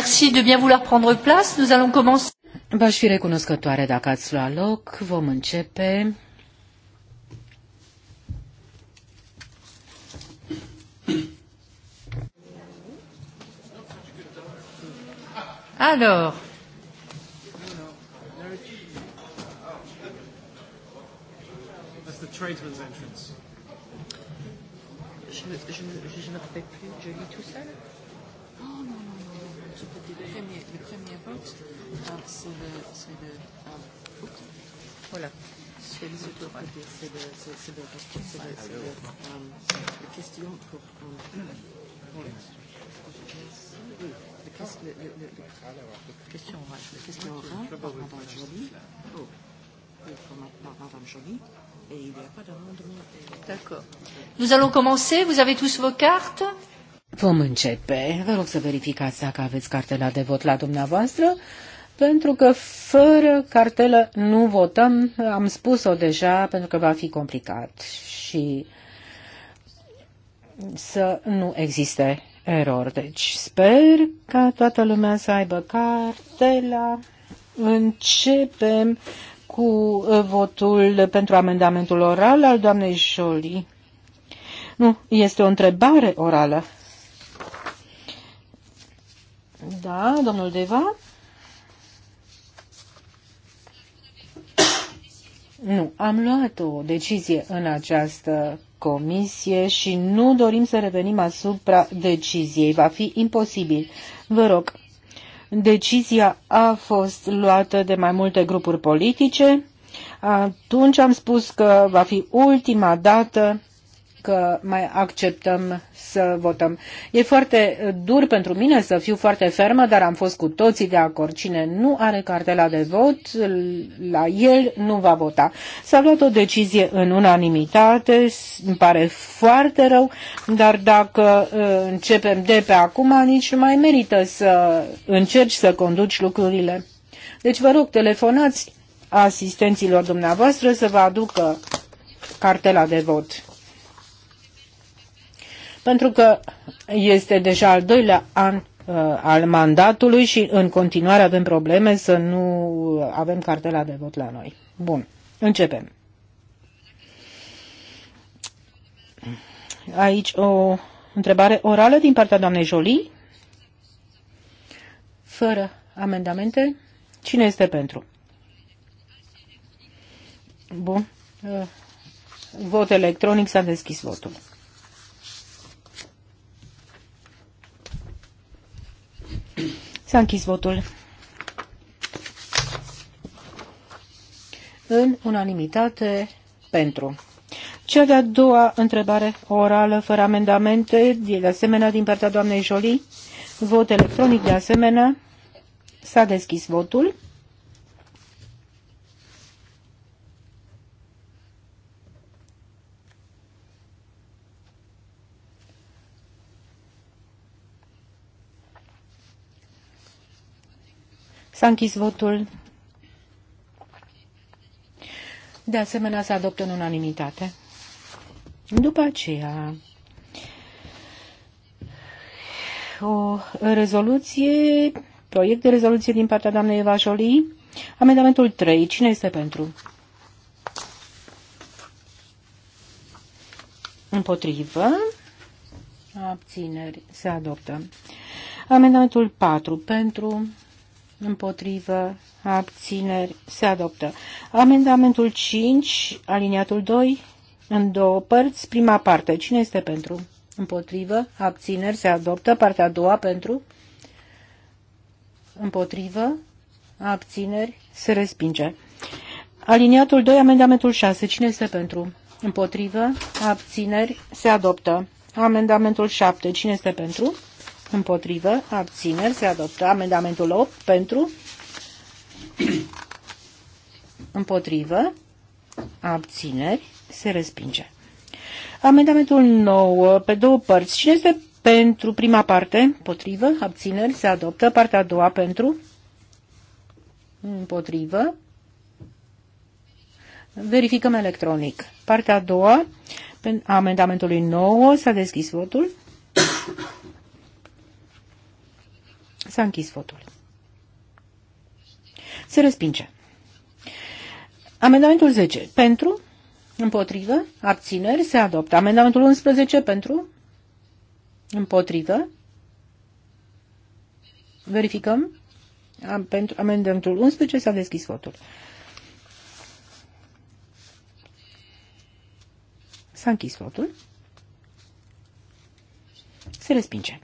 Merci de bien vouloir prendre place. Nous allons commencer. V-aș fi recunoscătoare dacă ați luat loc. Vom începe. Alors, tradesman's entrance. Je ne je je, je me rappelle plus, je lis tout seul Oh non, non, non premier, c'est le. C'est le C'est le, c'est le, c'est le, c'est le, c'est le, la question pour. question, la question Madame Jolie. Et il n'y a pas d'amendement. D'accord. Nous allons commencer. Vous avez tous vos cartes. Vom începe. Vă rog să verificați dacă aveți cartela de vot la dumneavoastră, pentru că fără cartelă nu votăm. Am spus-o deja, pentru că va fi complicat și să nu existe erori. Deci sper ca toată lumea să aibă cartela. Începem cu votul pentru amendamentul oral al doamnei Jolie. Nu, este o întrebare orală. Da, domnul Deva? Nu, am luat o decizie în această comisie și nu dorim să revenim asupra deciziei. Va fi imposibil. Vă rog, decizia a fost luată de mai multe grupuri politice. Atunci am spus că va fi ultima dată că mai acceptăm să votăm. E foarte dur pentru mine să fiu foarte fermă, dar am fost cu toții de acord. Cine nu are cartela de vot, la el nu va vota. S-a luat o decizie în unanimitate, îmi pare foarte rău, dar dacă uh, începem de pe acum, nici nu mai merită să încerci să conduci lucrurile. Deci vă rog, telefonați asistenților dumneavoastră să vă aducă cartela de vot pentru că este deja al doilea an uh, al mandatului și în continuare avem probleme să nu avem cartela de vot la noi. Bun, începem. Aici o întrebare orală din partea doamnei Jolie. Fără amendamente. Cine este pentru? Bun. Uh, vot electronic s-a deschis votul. S-a închis votul. În unanimitate pentru. Cea de-a doua întrebare orală fără amendamente, de asemenea din partea doamnei Jolie. Vot electronic de asemenea. S-a deschis votul. S-a închis votul. De asemenea, se adoptă în unanimitate. După aceea, o rezoluție, proiect de rezoluție din partea doamnei Eva Jolie, amendamentul 3. Cine este pentru? Împotrivă. Abțineri. Se adoptă. Amendamentul 4. Pentru împotrivă, abțineri, se adoptă. Amendamentul 5, aliniatul 2, în două părți, prima parte, cine este pentru? Împotrivă, abțineri, se adoptă, partea a doua pentru, împotrivă, abțineri, se respinge. Aliniatul 2, amendamentul 6, cine este pentru? Împotrivă, abțineri, se adoptă. Amendamentul 7, cine este pentru? Împotrivă. Abțineri. Se adoptă. Amendamentul 8. Pentru. Împotrivă. Abțineri. Se respinge. Amendamentul 9. Pe două părți. Cine este pentru prima parte? Împotrivă. Abțineri. Se adoptă. Partea a doua. Pentru. Împotrivă. Verificăm electronic. Partea a doua. amendamentului 9. S-a deschis votul. S-a închis votul. Se respinge. Amendamentul 10. Pentru? Împotrivă? Abțineri? Se adoptă. Amendamentul 11. Pentru? Împotrivă? Verificăm. pentru amendamentul 11 s-a deschis votul. S-a închis votul. Se respinge.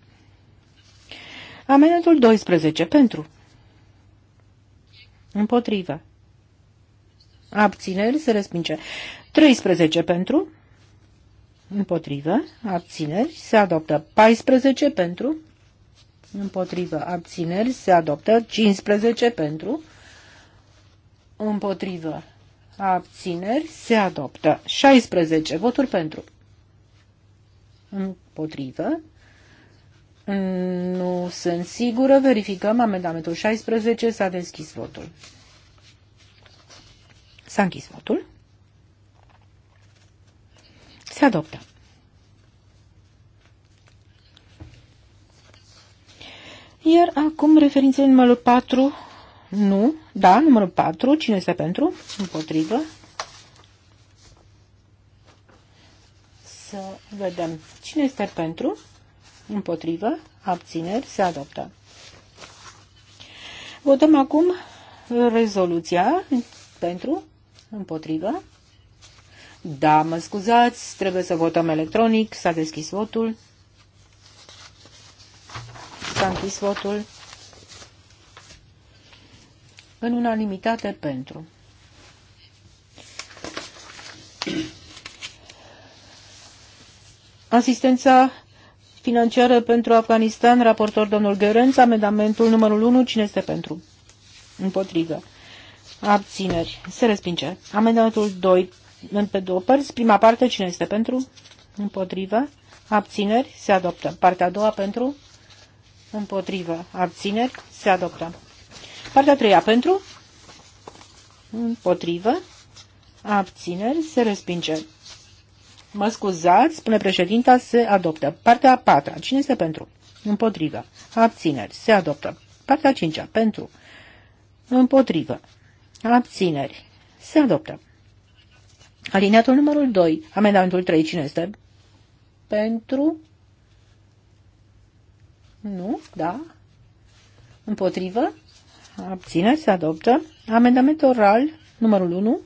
Amendamentul 12 pentru. Împotrivă. Abțineri se respinge. 13 pentru. Împotrivă. Abțineri se adoptă. 14 pentru. Împotrivă. Abțineri se adoptă. 15 pentru. Împotrivă. Abțineri se adoptă. 16 voturi pentru. Împotrivă. Nu sunt sigură. Verificăm amendamentul 16. S-a deschis votul. S-a închis votul. Se adoptă. Iar acum referințele numărul 4, nu, da, numărul 4, cine este pentru? Împotrivă. Să vedem cine este pentru. Împotrivă. Abțineri. Se adoptă. Votăm acum rezoluția pentru. Împotrivă. Da, mă scuzați, trebuie să votăm electronic. S-a deschis votul. S-a închis votul. În unanimitate pentru. Asistența financiară pentru Afganistan, raportor domnul Gărenț, amendamentul numărul 1, cine este pentru? Împotrivă. Abțineri. Se respinge. Amendamentul 2, pe două părți, prima parte, cine este pentru? Împotrivă. Abțineri. Se adoptă. Partea a doua pentru? Împotrivă. Abțineri. Se adoptă. Partea a treia pentru? Împotrivă. Abțineri. Se respinge. Mă scuzați, spune președinta, se adoptă. Partea a patra. Cine este pentru? Împotrivă. Abțineri. Se adoptă. Partea a cincea. Pentru. Împotrivă. Abțineri. Se adoptă. Alineatul numărul 2. Amendamentul 3. Cine este? Pentru. Nu? Da? Împotrivă? Abțineri. Se adoptă. Amendament oral numărul 1.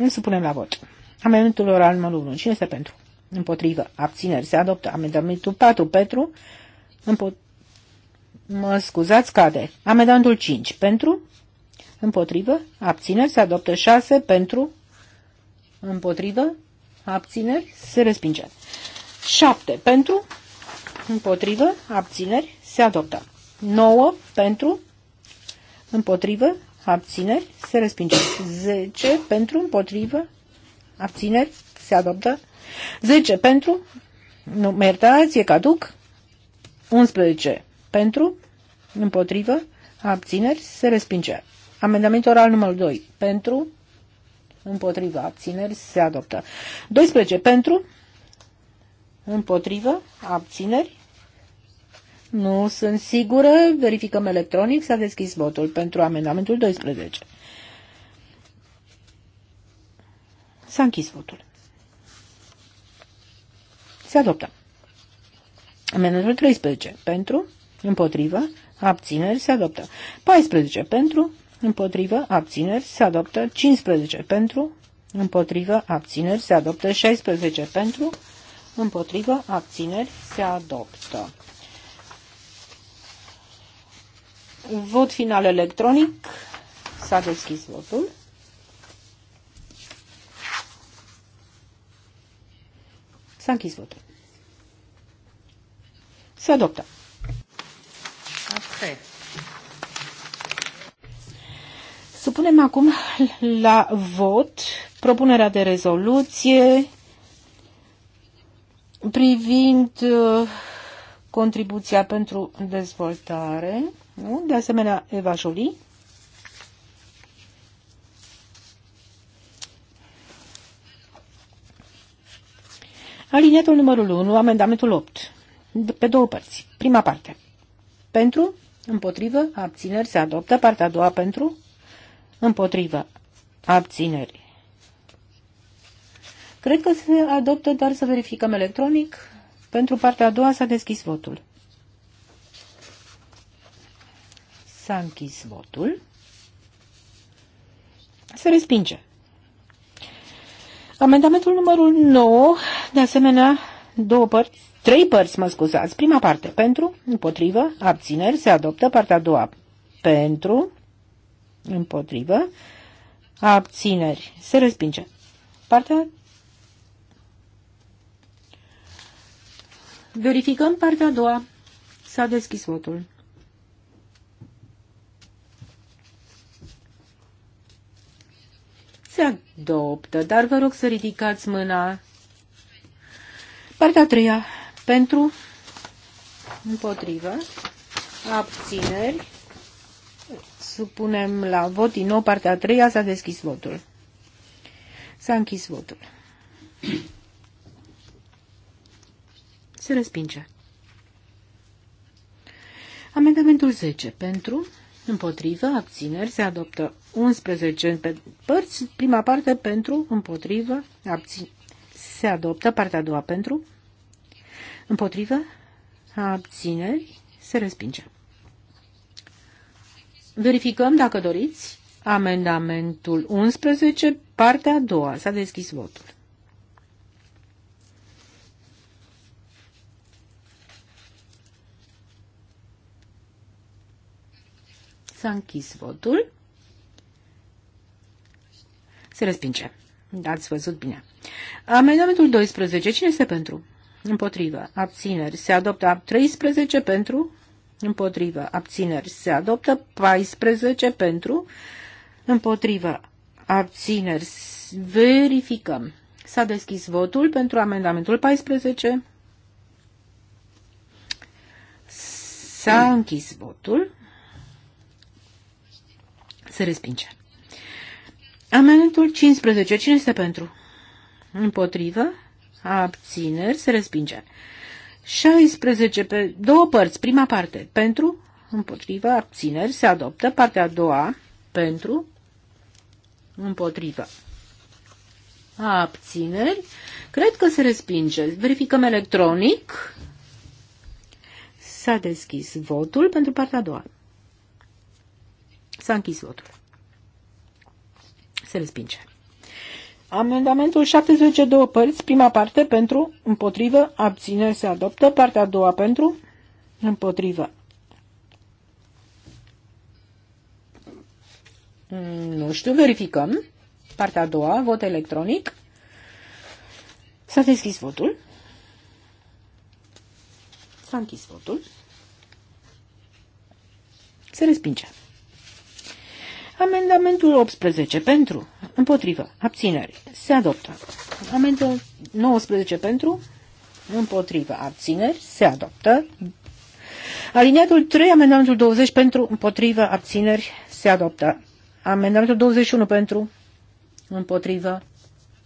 Nu supunem la vot. Amendamentul oral numărul 1. Cine este pentru? Împotrivă. Abțineri. Se adoptă. Amendamentul 4. Pentru. Împo... Mă scuzați, cade. Amendamentul 5. Pentru. Împotrivă. Abțineri. Se adoptă 6. Pentru. Împotrivă. Abțineri. Se respinge. 7. Pentru. Împotrivă. Abțineri. Se adoptă. 9. Pentru. Împotrivă abțineri, se respinge. 10 pentru, împotrivă, abțineri, se adoptă. 10 pentru, nu, mă iertați, e caduc. 11 pentru, împotrivă, abțineri, se respinge. Amendament oral numărul 2 pentru, împotrivă, abțineri, se adoptă. 12 pentru, împotrivă, abțineri, nu sunt sigură. Verificăm electronic. S-a deschis votul pentru amendamentul 12. S-a închis votul. Se adoptă. Amendamentul 13. Pentru, împotrivă, abțineri, se adoptă. 14. Pentru, împotrivă, abțineri, se adoptă. 15. Pentru, împotrivă, abțineri, se adoptă. 16. Pentru, împotrivă, abțineri, se adoptă. Vot final electronic. S-a deschis votul. S-a închis votul. Se adoptă. Okay. Supunem acum la vot propunerea de rezoluție privind uh, contribuția pentru dezvoltare. Nu? De asemenea, Eva Jolie. Aliniatul numărul 1, amendamentul 8, pe două părți. Prima parte. Pentru, împotrivă, abțineri se adoptă. Partea a doua pentru, împotrivă, abțineri. Cred că se adoptă, dar să verificăm electronic. Pentru partea a doua s-a deschis votul. S-a închis votul. Se respinge. Amendamentul numărul 9, de asemenea, două părți, trei părți, mă scuzați. Prima parte pentru, împotrivă, abțineri, se adoptă. Partea a doua pentru, împotrivă, abțineri, se respinge. Partea Verificăm partea a doua. S-a deschis votul. Se adoptă, dar vă rog să ridicați mâna. Partea a treia. Pentru, împotrivă, abțineri. Supunem la vot din nou partea a treia. S-a deschis votul. S-a închis votul. Se respinge. Amendamentul 10. Pentru, împotrivă, abțineri, se adoptă 11 pe părți, prima parte pentru, împotrivă, abțineri, se adoptă, partea a doua pentru, împotrivă, abțineri, se respinge. Verificăm dacă doriți amendamentul 11, partea a doua. S-a deschis votul. S-a închis votul. Se respinge. Ați văzut bine. Amendamentul 12. Cine este pentru? Împotrivă. Abțineri. Se adoptă 13 pentru. Împotrivă. Abțineri. Se adoptă 14 pentru. Împotrivă. Abțineri. Verificăm. S-a deschis votul pentru amendamentul 14. S-a închis votul. Se respinge. Amendamentul 15. Cine este pentru? Împotrivă. Abțineri. Se respinge. 16. Pe două părți. Prima parte. Pentru. Împotrivă. Abțineri. Se adoptă. Partea a doua. Pentru. Împotrivă. Abțineri. Cred că se respinge. Verificăm electronic. S-a deschis votul pentru partea a doua. S-a închis votul. Se respinge. Amendamentul 72 două părți, prima parte pentru, împotrivă, abțineri se adoptă, partea a doua pentru, împotrivă. Mm, nu știu, verificăm. Partea a doua, vot electronic. S-a deschis votul. S-a închis votul. Se respinge. Amendamentul 18 pentru, împotrivă, abțineri, se adoptă. Amendamentul 19 pentru, împotrivă, abțineri, se adoptă. Alineatul 3, amendamentul 20 pentru, împotrivă, abțineri, se adoptă. Amendamentul 21 pentru, împotrivă,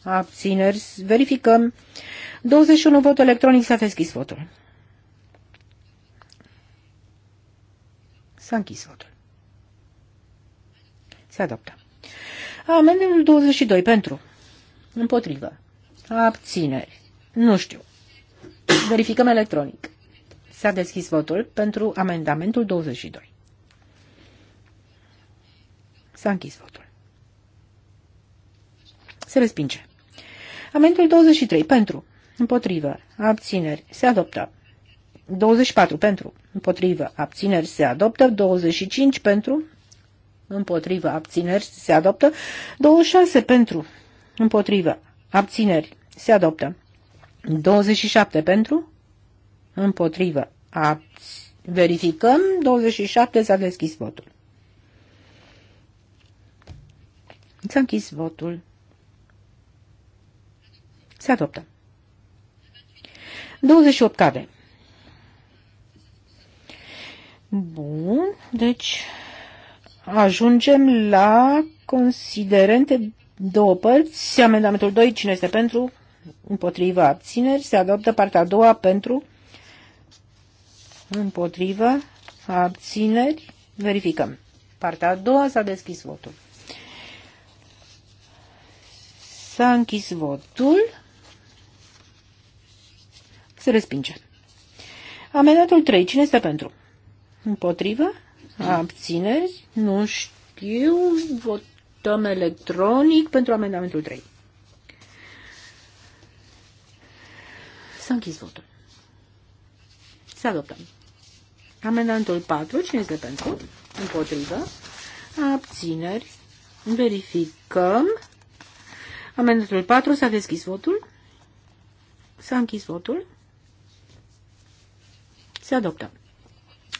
abțineri, verificăm. 21 vot electronic, s-a deschis votul. S-a închis votul. Se adoptă. Amendul 22 pentru. Împotrivă. Abțineri. Nu știu. Verificăm electronic. S-a deschis votul pentru amendamentul 22. S-a închis votul. Se respinge. Amendul 23 pentru. Împotrivă. Abțineri. Se adoptă. 24 pentru. Împotrivă. Abțineri. Se adoptă. 25 pentru împotriva abțineri, se adoptă. 26 pentru, împotriva abțineri, se adoptă. 27 pentru, împotriva abțineri. Verificăm, 27 s-a deschis votul. S-a închis votul. Se adoptă. 28 cade. Bun, deci ajungem la considerente două părți. Amendamentul 2, cine este pentru? Împotriva abțineri. Se adoptă partea a doua pentru? Împotriva abțineri. Verificăm. Partea a doua s-a deschis votul. S-a închis votul. Se respinge. Amendatul 3. Cine este pentru? Împotrivă? Abțineri? Nu știu. Votăm electronic pentru amendamentul 3. S-a închis votul. Să adoptăm. Amendamentul 4, cine este pentru? Împotrivă. Abțineri. Verificăm. Amendamentul 4, s-a deschis votul. S-a închis votul. Se adoptă.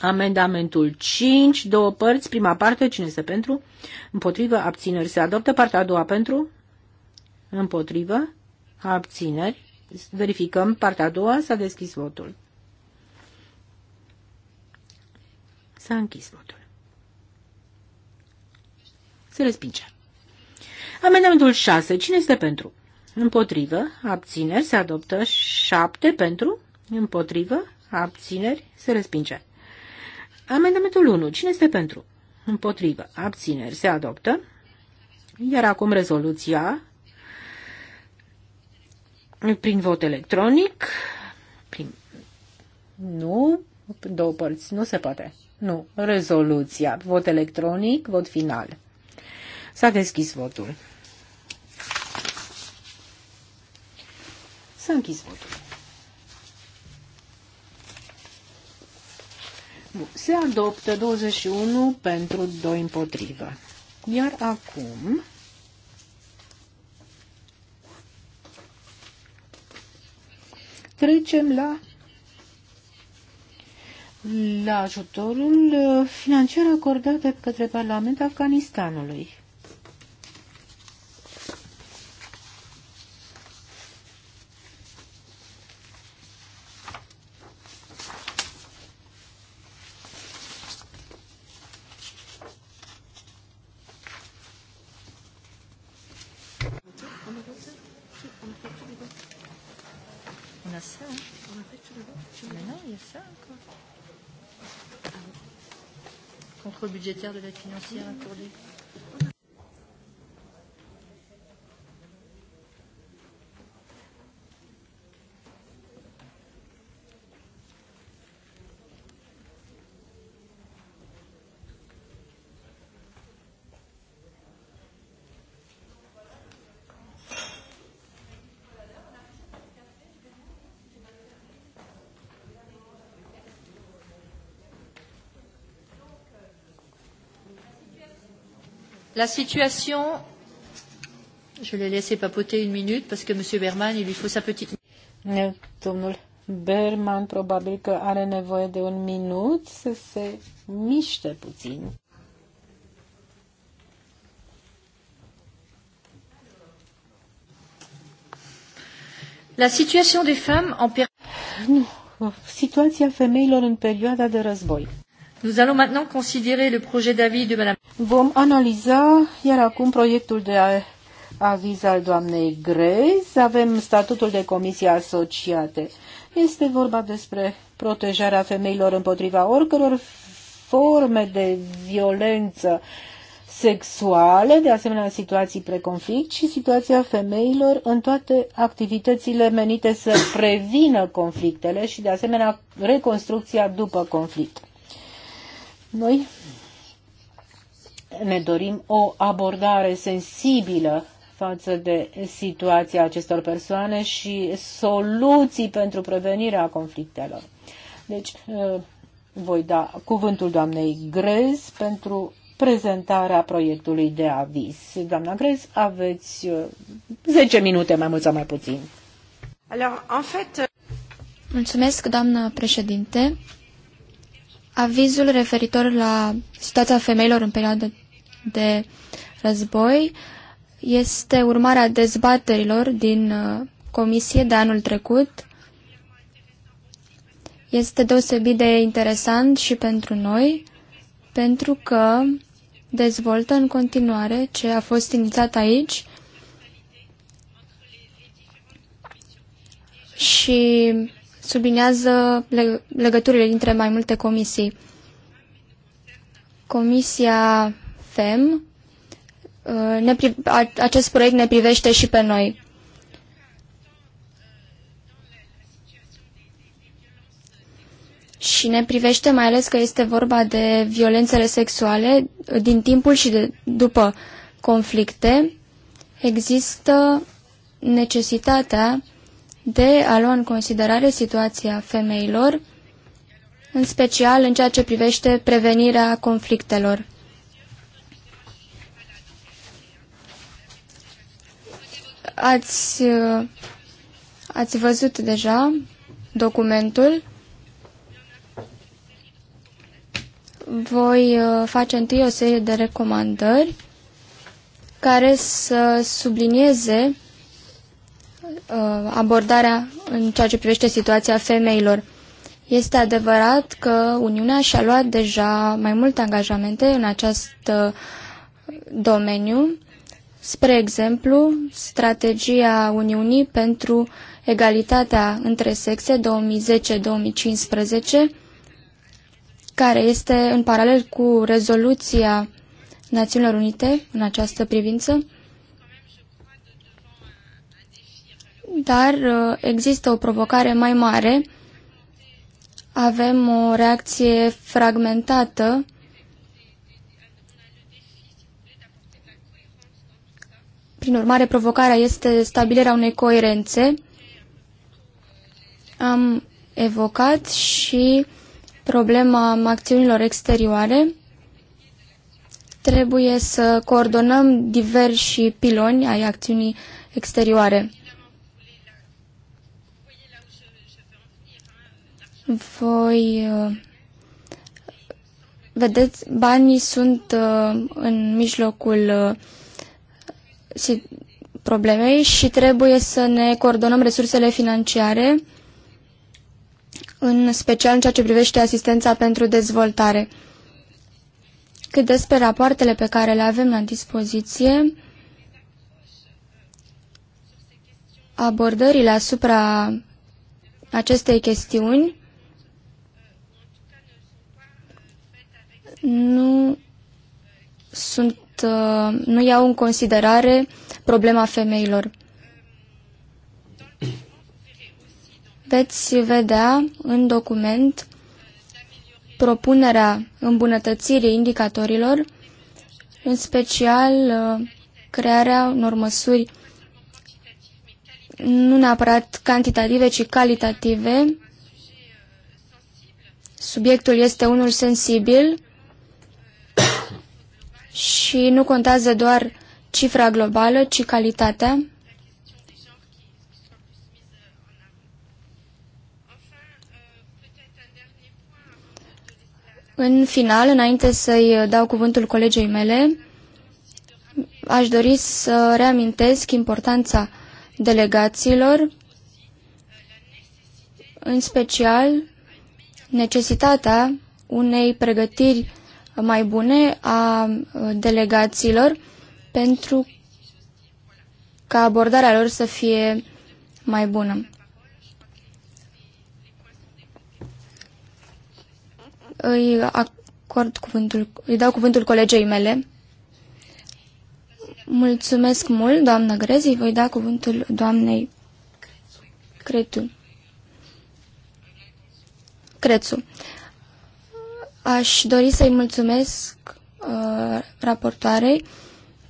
Amendamentul 5, două părți, prima parte, cine este pentru? Împotrivă, abțineri. Se adoptă partea a doua pentru? Împotrivă, abțineri. Verificăm partea a doua, s-a deschis votul. S-a închis votul. Se respinge. Amendamentul 6. Cine este pentru? Împotrivă. Abțineri. Se adoptă 7 pentru. Împotrivă. Abțineri. Se respinge. Amendamentul 1. Cine este pentru? Împotrivă. Abțineri. Se adoptă. Iar acum rezoluția prin vot electronic. Prin... Nu, două părți, nu se poate. Nu, rezoluția, vot electronic, vot final. S-a deschis votul. S-a închis votul. Se adoptă 21 pentru 2 împotrivă. Iar acum trecem la la ajutorul financiar acordat de către Parlamentul Afganistanului. budgétaire de l'aide financière accordée La situation, je l'ai laissé papoter une minute parce que M. Berman, il lui faut sa petite... Domnul Berman probabil că are nevoie de un minut să se miște puțin. La situația des femmes en Situația femeilor în perioada de război. Nous allons maintenant considérer le projet d'avis de Madame. Vom analiza iar acum proiectul de aviz al doamnei Grez. Avem statutul de comisie asociate. Este vorba despre protejarea femeilor împotriva oricăror forme de violență sexuale, de asemenea situații preconflict și situația femeilor în toate activitățile menite să prevină conflictele și de asemenea reconstrucția după conflict. Noi ne dorim o abordare sensibilă față de situația acestor persoane și soluții pentru prevenirea conflictelor. Deci, uh, voi da cuvântul doamnei Grez pentru prezentarea proiectului de aviz. Doamna Grez, aveți 10 uh, minute, mai mult sau mai puțin. Alors, en fait... Mulțumesc, doamnă președinte avizul referitor la situația femeilor în perioada de război este urmarea dezbaterilor din uh, comisie de anul trecut. Este deosebit de interesant și pentru noi, pentru că dezvoltă în continuare ce a fost inițiat aici și sublinează legăturile dintre mai multe comisii. Comisia FEM, uh, ne, acest proiect ne privește și pe noi. și ne privește mai ales că este vorba de violențele sexuale din timpul și de, după conflicte, există necesitatea de a lua în considerare situația femeilor, în special în ceea ce privește prevenirea conflictelor. Ați, ați văzut deja documentul. Voi uh, face întâi o serie de recomandări care să sublinieze Uh, abordarea în ceea ce privește situația femeilor. Este adevărat că Uniunea și-a luat deja mai multe angajamente în acest uh, domeniu, spre exemplu, strategia Uniunii pentru egalitatea între sexe 2010-2015, care este în paralel cu rezoluția Națiunilor Unite în această privință. dar uh, există o provocare mai mare. Avem o reacție fragmentată Prin urmare, provocarea este stabilirea unei coerențe. Am evocat și problema acțiunilor exterioare. Trebuie să coordonăm diversi piloni ai acțiunii exterioare. voi uh, vedeți, banii sunt uh, în mijlocul uh, problemei și trebuie să ne coordonăm resursele financiare, în special în ceea ce privește asistența pentru dezvoltare. Cât despre rapoartele pe care le avem la dispoziție, abordările asupra acestei chestiuni nu sunt, uh, nu iau în considerare problema femeilor. Veți vedea în document propunerea îmbunătățirii indicatorilor, în special uh, crearea unor măsuri nu neapărat cantitative, ci calitative. Subiectul este unul sensibil și nu contează doar cifra globală, ci calitatea. În final, înainte să-i dau cuvântul colegei mele, aș dori să reamintesc importanța delegațiilor, în special necesitatea unei pregătiri mai bune a uh, delegațiilor pentru ca abordarea lor să fie mai bună. Îi acord cuvântul, îi dau cuvântul colegei mele. Mulțumesc mult, doamnă Grezi, voi da cuvântul doamnei Cretu. Crețu. Aș dori să-i mulțumesc uh, raportoarei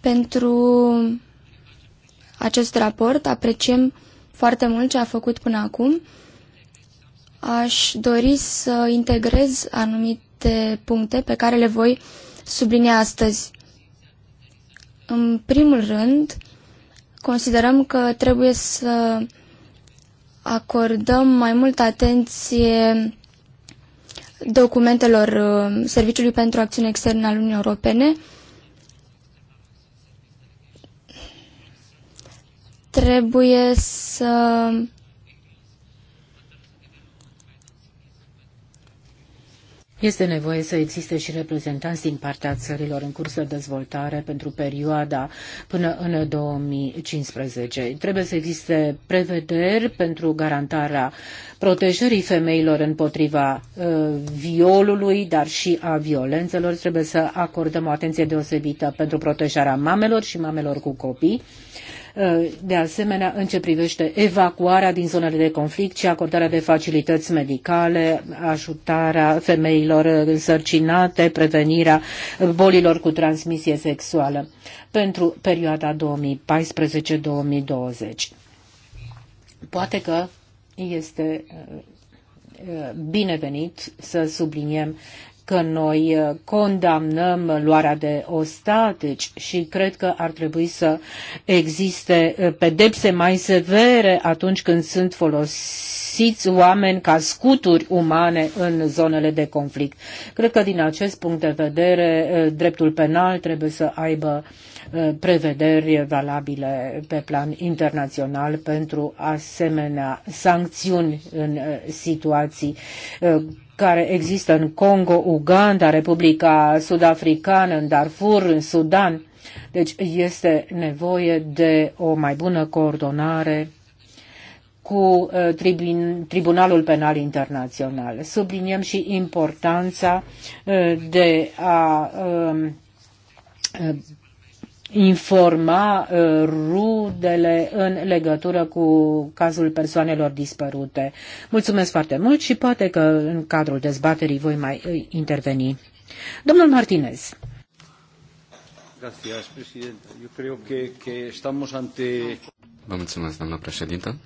pentru acest raport. Apreciem foarte mult ce a făcut până acum. Aș dori să integrez anumite puncte pe care le voi sublinia astăzi. În primul rând, considerăm că trebuie să acordăm mai multă atenție documentelor uh, Serviciului pentru Acțiune Externă al Uniunii Europene trebuie să Este nevoie să existe și reprezentanți din partea țărilor în curs de dezvoltare pentru perioada până în 2015. Trebuie să existe prevederi pentru garantarea protejării femeilor împotriva uh, violului, dar și a violențelor. Trebuie să acordăm o atenție deosebită pentru protejarea mamelor și mamelor cu copii Eh, de asemenea în ce privește evacuarea din zonele de conflict și acordarea de facilități medicale, ajutarea femeilor însărcinate, prevenirea bolilor cu transmisie sexuală pentru perioada 2014-2020. Poate că este eh, eh, binevenit să subliniem că noi uh, condamnăm luarea de ostatici și cred că ar trebui să existe uh, pedepse mai severe atunci când sunt folosiți oameni ca scuturi umane în zonele de conflict. Cred că din acest punct de vedere uh, dreptul penal trebuie să aibă prevederi valabile pe plan internațional pentru asemenea sancțiuni în situații care există în Congo, Uganda, Republica Sudafricană, în Darfur, în Sudan. Deci este nevoie de o mai bună coordonare cu uh, Tribunalul Penal Internațional. Subliniem și importanța uh, de a um, informa uh, rudele în legătură cu cazul persoanelor dispărute. Mulțumesc foarte mult și poate că în cadrul dezbaterii voi mai uh, interveni. Domnul Martinez. Gracias, presidenta. creo que, que estamos ante... Vă mulțumesc, doamnă președintă.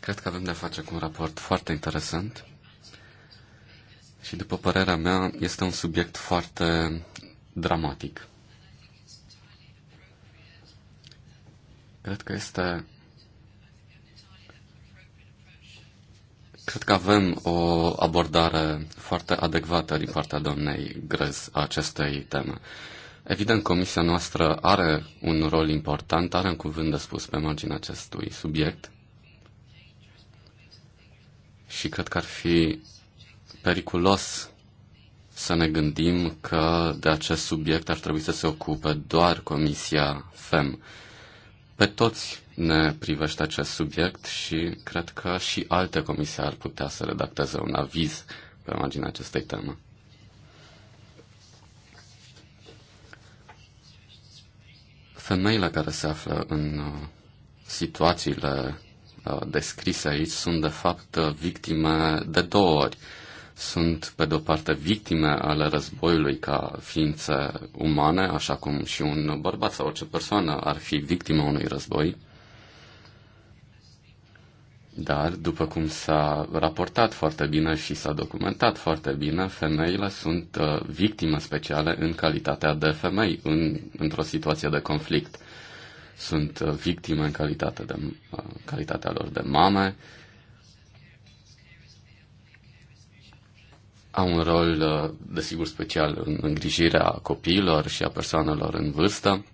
Cred că avem de-a face cu un raport foarte interesant și, după părerea mea, este un subiect foarte dramatic. Cred că este Cred că avem o abordare foarte adecvată din partea doamnei Grez a acestei teme. Evident, comisia noastră are un rol important, are un cuvânt de spus pe marginea acestui subiect și cred că ar fi periculos să ne gândim că de acest subiect ar trebui să se ocupe doar Comisia FEM. Pe toți ne privește acest subiect și cred că și alte comisii ar putea să redacteze un aviz pe marginea acestei teme. Femeile care se află în uh, situațiile uh, descrise aici sunt de fapt uh, victime de două ori sunt, pe de-o parte, victime ale războiului ca ființe umane, așa cum și un bărbat sau orice persoană ar fi victima unui război. Dar, după cum s-a raportat foarte bine și s-a documentat foarte bine, femeile sunt uh, victime speciale în calitatea de femei în, într-o situație de conflict. Sunt uh, victime în calitate de, uh, calitatea lor de mame, au un rol, uh, desigur, special în îngrijirea copiilor și a persoanelor în vârstă.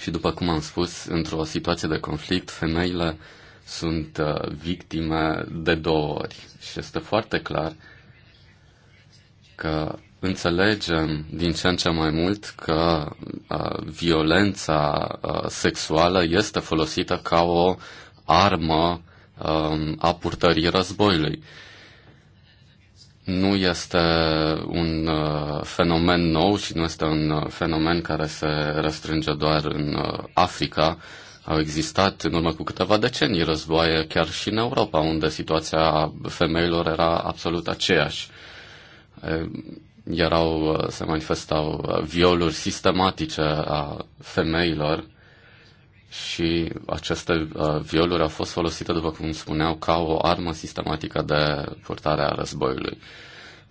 Și după cum am spus, într-o situație de conflict, femeile sunt uh, victime de două ori. Și este foarte clar că înțelegem din ce în ce mai mult că uh, violența sexuală este folosită ca o armă um, a purtării războiului nu este un uh, fenomen nou și nu este un uh, fenomen care se răstrânge doar în uh, Africa. Au existat în urmă cu câteva decenii războaie chiar și în Europa, unde situația femeilor era absolut aceeași. Erau, se manifestau violuri sistematice a femeilor și aceste uh, violuri au fost folosite, după cum spuneau, ca o armă sistematică de purtare a războiului.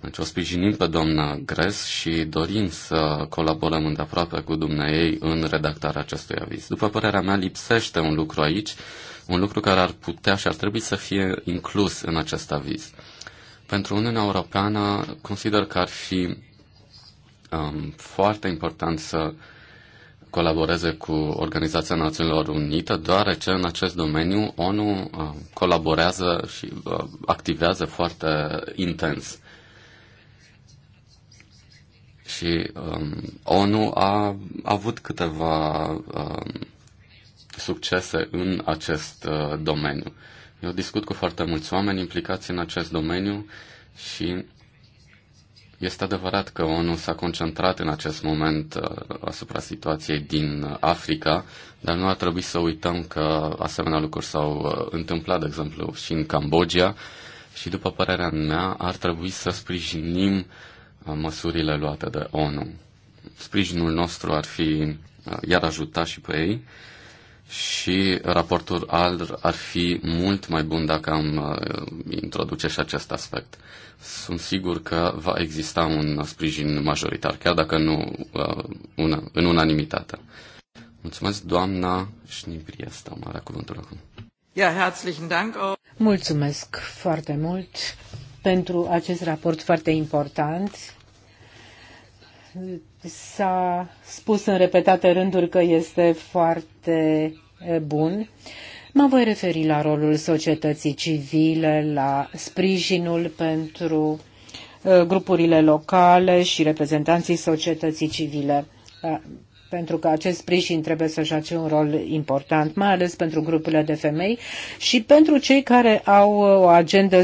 Deci o sprijinim pe doamna Gres și dorim să colaborăm îndeaproape cu dumneei în redactarea acestui aviz. După părerea mea, lipsește un lucru aici, un lucru care ar putea și ar trebui să fie inclus în acest aviz. Pentru Uniunea Europeană, consider că ar fi um, foarte important să colaboreze cu Organizația Națiunilor Unite, deoarece în acest domeniu ONU uh, colaborează și uh, activează foarte intens. Și um, ONU a avut câteva um, succese în acest uh, domeniu. Eu discut cu foarte mulți oameni implicați în acest domeniu și este adevărat că ONU s-a concentrat în acest moment uh, asupra situației din Africa, dar nu ar trebui să uităm că asemenea lucruri s-au uh, întâmplat, de exemplu, și în Cambodgia și, după părerea mea, ar trebui să sprijinim uh, măsurile luate de ONU. Sprijinul nostru ar fi, iar ajuta și pe ei și raportul ALR ar fi mult mai bun dacă am uh, introduce și acest aspect. Sunt sigur că va exista un sprijin majoritar, chiar dacă nu uh, una, în unanimitate. Mulțumesc, doamna stau mare cuvântul acum. Mulțumesc foarte mult pentru acest raport foarte important s-a spus în repetate rânduri că este foarte bun. Mă voi referi la rolul societății civile, la sprijinul pentru uh, grupurile locale și reprezentanții societății civile uh, pentru că acest sprijin trebuie să joace un rol important, mai ales pentru grupurile de femei și pentru cei care au o agendă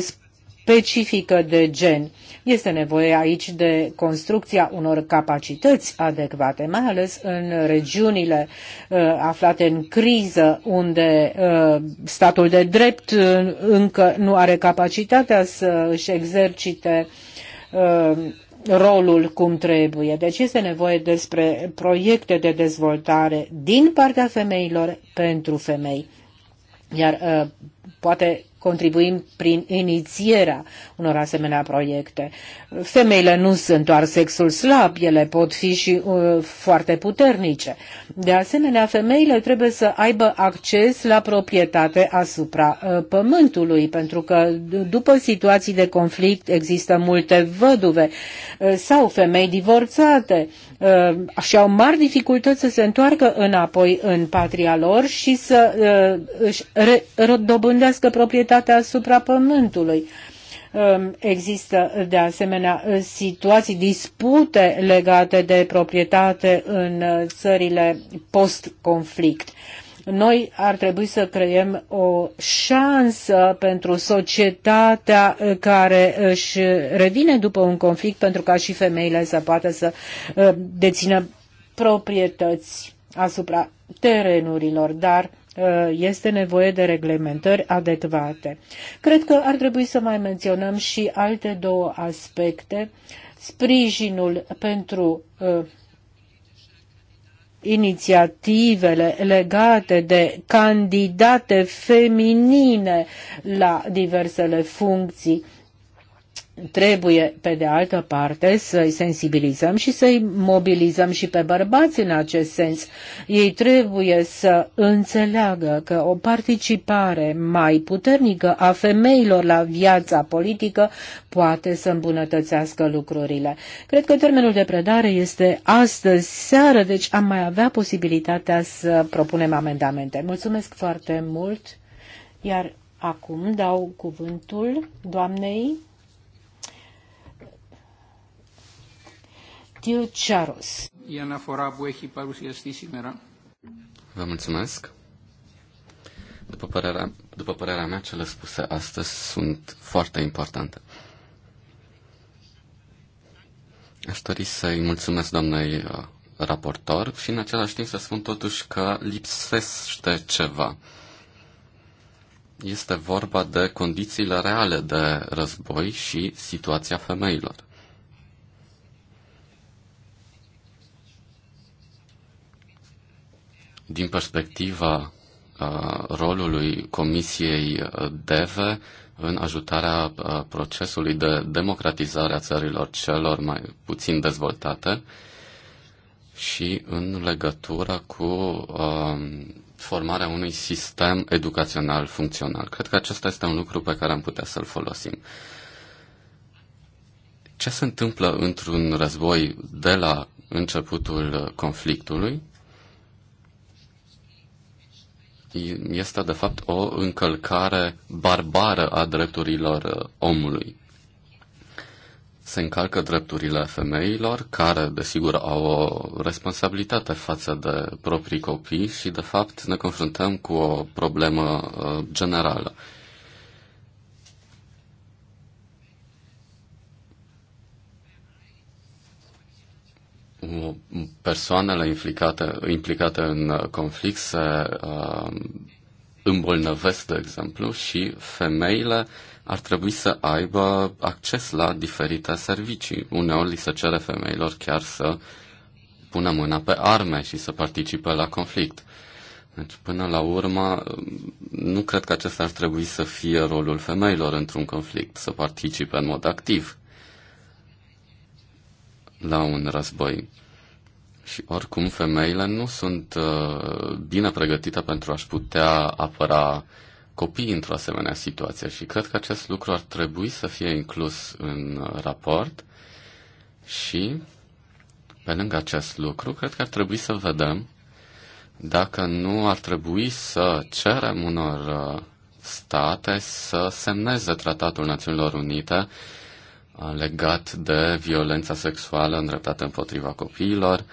specifică de gen. Este nevoie aici de construcția unor capacități adecvate, mai ales în regiunile uh, aflate în criză, unde uh, statul de drept uh, încă nu are capacitatea să își exercite uh, rolul cum trebuie. Deci este nevoie despre proiecte de dezvoltare din partea femeilor pentru femei. Iar uh, poate contribuim prin inițierea unor asemenea proiecte. Femeile nu sunt doar sexul slab, ele pot fi și uh, foarte puternice. De asemenea, femeile trebuie să aibă acces la proprietate asupra uh, pământului, pentru că după situații de conflict există multe văduve uh, sau femei divorțate Uh, și au mari dificultăți să se întoarcă înapoi în patria lor și să uh, își dobândească proprietatea asupra pământului. Um, există de asemenea uh, situații, dispute legate de proprietate în țările post-conflict. Noi ar trebui să creăm o șansă pentru societatea uh, care uh, își revine după un conflict pentru ca și femeile să poată să uh, dețină proprietăți asupra terenurilor, dar este nevoie de reglementări adecvate. Cred că ar trebui să mai menționăm și alte două aspecte. Sprijinul pentru inițiativele legate de candidate feminine la diversele funcții trebuie, pe de altă parte, să-i sensibilizăm și să-i mobilizăm și pe bărbați în acest sens. Ei trebuie să înțeleagă că o participare mai puternică a femeilor la viața politică poate să îmbunătățească lucrurile. Cred că termenul de predare este astăzi seară, deci am mai avea posibilitatea să propunem amendamente. Mulțumesc foarte mult, iar acum dau cuvântul doamnei Τιουτσάρος. Η αναφορά που έχει παρουσιαστεί σήμερα. Vă mulțumesc. După părerea, după părerea mea, cele spuse astăzi sunt foarte importante. Aș dori să-i mulțumesc doamnei uh, raportor și în același timp să spun totuși că lipsește ceva. Este vorba de condițiile reale de război și situația femeilor. Din perspectiva rolului Comisiei DEVE în ajutarea procesului de democratizare a țărilor celor mai puțin dezvoltate și în legătură cu formarea unui sistem educațional funcțional. Cred că acesta este un lucru pe care am putea să-l folosim. Ce se întâmplă într-un război de la începutul conflictului este de fapt o încălcare barbară a drepturilor uh, omului. Se încalcă drepturile femeilor, care, desigur, au o responsabilitate față de proprii copii și, de fapt, ne confruntăm cu o problemă uh, generală. persoanele implicate, implicate în conflict se uh, îmbolnăvesc, de exemplu, și femeile ar trebui să aibă acces la diferite servicii. Uneori li se cere femeilor chiar să pună mâna pe arme și să participe la conflict. Deci, până la urmă, nu cred că acesta ar trebui să fie rolul femeilor într-un conflict, să participe în mod activ la un război. Și oricum femeile nu sunt uh, bine pregătite pentru a-și putea apăra copiii într-o asemenea situație și cred că acest lucru ar trebui să fie inclus în raport și pe lângă acest lucru, cred că ar trebui să vedem dacă nu ar trebui să cerem unor uh, state să semneze Tratatul Națiunilor Unite uh, legat de violența sexuală îndreptată împotriva copiilor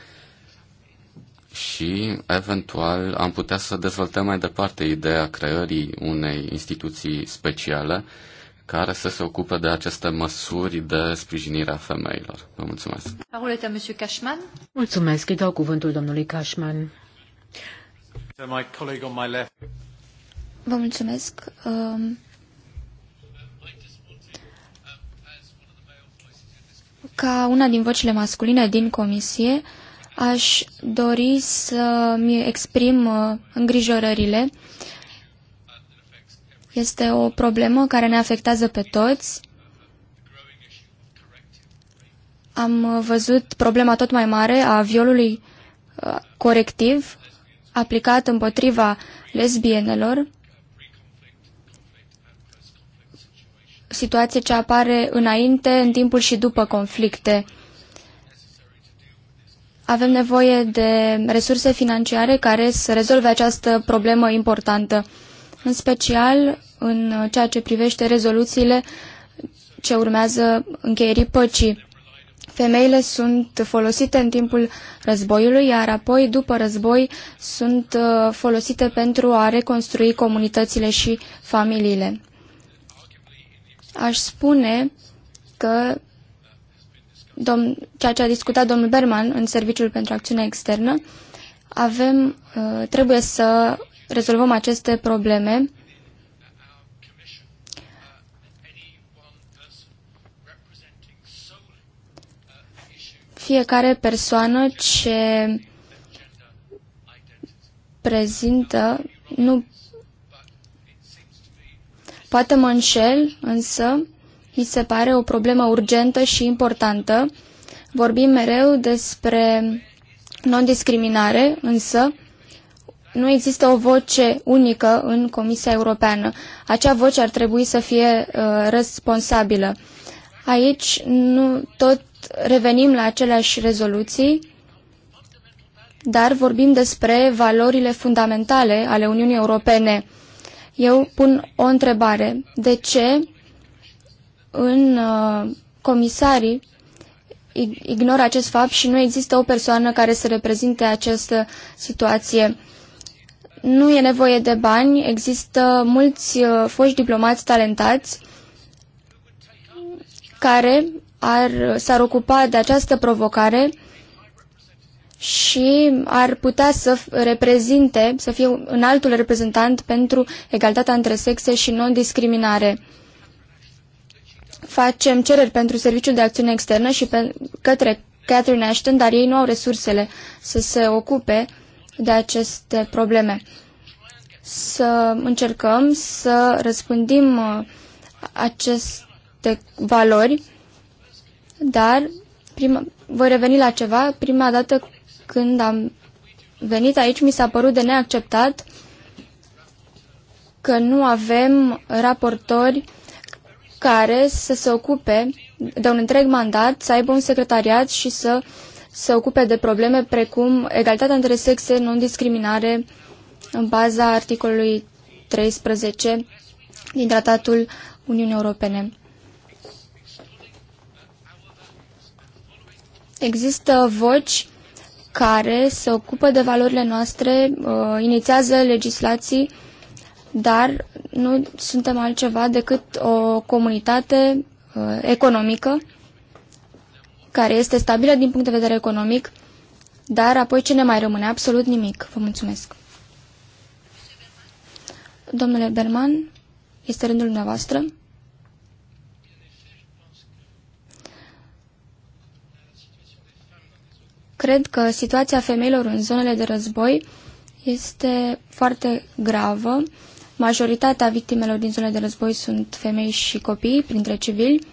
și eventual am putea să dezvoltăm mai departe ideea creării unei instituții speciale care să se ocupe de aceste măsuri de sprijinire a femeilor. Vă mulțumesc. Paroleta, Monsieur Cashman. Mulțumesc. Îi dau cuvântul domnului Cashman. Vă mulțumesc. Um, ca una din vocile masculine din comisie, aș dori să-mi exprim uh, îngrijorările. Este o problemă care ne afectează pe toți. Am văzut problema tot mai mare a violului uh, corectiv aplicat împotriva lesbienelor. situație ce apare înainte, în timpul și după conflicte. Avem nevoie de resurse financiare care să rezolve această problemă importantă, în special în ceea ce privește rezoluțiile ce urmează încheierii păcii. Femeile sunt folosite în timpul războiului, iar apoi, după război, sunt uh, folosite pentru a reconstrui comunitățile și familiile aș spune că domn, ceea ce a discutat domnul Berman în Serviciul pentru Acțiune Externă, avem, uh, trebuie să rezolvăm aceste probleme fiecare persoană ce prezintă nu Poate mă înșel, însă mi se pare o problemă urgentă și importantă. Vorbim mereu despre non-discriminare, însă nu există o voce unică în Comisia Europeană. Acea voce ar trebui să fie uh, responsabilă. Aici nu tot revenim la aceleași rezoluții, dar vorbim despre valorile fundamentale ale Uniunii Europene eu pun o întrebare. De ce în uh, comisarii ignoră acest fapt și nu există o persoană care să reprezinte această situație? Nu e nevoie de bani, există mulți uh, foști diplomați talentați care ar, s-ar ocupa de această provocare și ar putea să reprezinte, să fie un altul reprezentant pentru egalitatea între sexe și non-discriminare. Facem cereri pentru Serviciul de Acțiune Externă și pe, către Catherine Ashton, dar ei nu au resursele să se ocupe de aceste probleme. Să încercăm să răspândim uh, aceste valori, dar prima, voi reveni la ceva. Prima dată când am venit aici, mi s-a părut de neacceptat că nu avem raportori care să se ocupe de un întreg mandat, să aibă un secretariat și să se ocupe de probleme precum egalitatea între sexe, non-discriminare în baza articolului 13 din Tratatul Uniunii Europene. Există voci care se ocupă de valorile noastre, uh, inițiază legislații, dar nu suntem altceva decât o comunitate uh, economică care este stabilă din punct de vedere economic, dar apoi ce ne mai rămâne? Absolut nimic. Vă mulțumesc. Domnule Berman, este rândul dumneavoastră. Cred că situația femeilor în zonele de război este foarte gravă. Majoritatea victimelor din zonele de război sunt femei și copii, printre civili.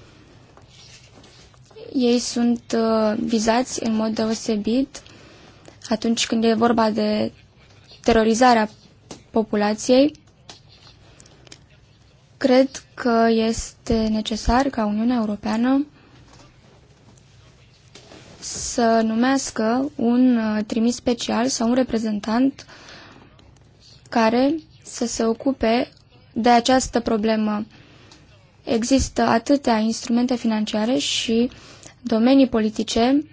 Ei sunt uh, vizați în mod deosebit atunci când e vorba de terorizarea populației. Cred că este necesar ca Uniunea Europeană să numească un uh, trimis special sau un reprezentant care să se ocupe de această problemă. Există atâtea instrumente financiare și domenii politice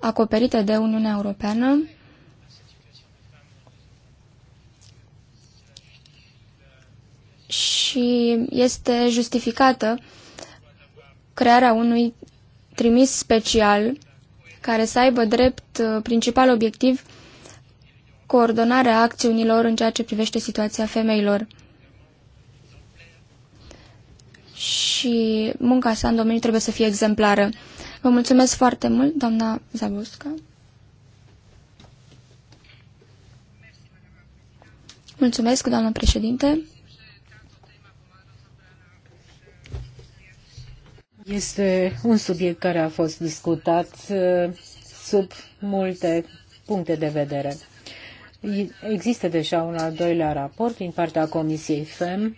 acoperite de Uniunea Europeană și este justificată crearea unui trimis special care să aibă drept uh, principal obiectiv coordonarea acțiunilor în ceea ce privește situația femeilor și munca sa în domeniu trebuie să fie exemplară. Vă mulțumesc foarte mult, doamna Zabosca. Mulțumesc, doamnă președinte. Este un subiect care a fost discutat uh, sub multe puncte de vedere. Există deja un al doilea raport din partea Comisiei FEM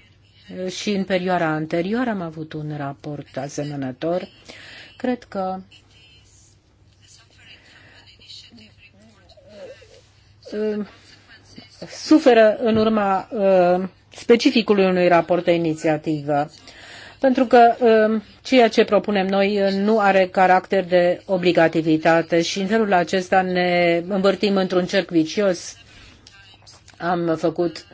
uh, și în perioada anterioară am avut un raport asemănător. Cred că uh, suferă în urma specificului unui raport de inițiativă pentru că um, ceea ce propunem noi uh, nu are caracter de obligativitate și în felul acesta ne învârtim într-un cerc vicios. Am făcut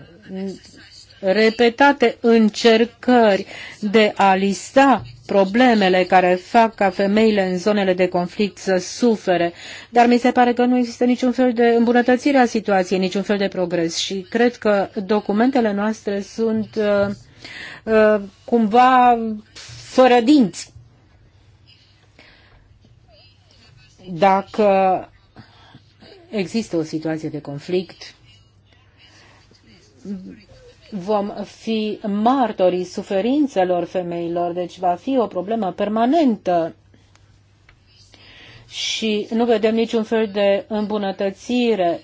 repetate încercări de a lista problemele care fac ca femeile în zonele de conflict să sufere, dar mi se pare că nu există niciun fel de îmbunătățire a situației, niciun fel de progres și cred că documentele noastre sunt uh, Uh, cumva fără dinți. Dacă există o situație de conflict, vom fi martorii suferințelor femeilor, deci va fi o problemă permanentă și nu vedem niciun fel de îmbunătățire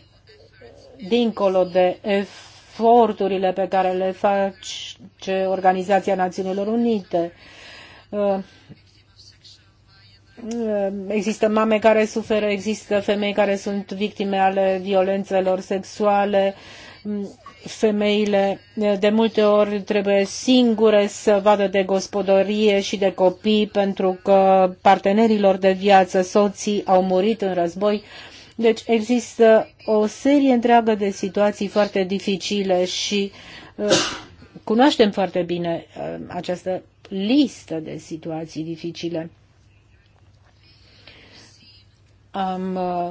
dincolo de F eforturile pe care le face Organizația Națiunilor Unite. Există mame care suferă, există femei care sunt victime ale violențelor sexuale, femeile de multe ori trebuie singure să vadă de gospodărie și de copii pentru că partenerilor de viață, soții au murit în război deci există o serie întreagă de situații foarte dificile și uh, cunoaștem foarte bine uh, această listă de situații dificile. Am uh,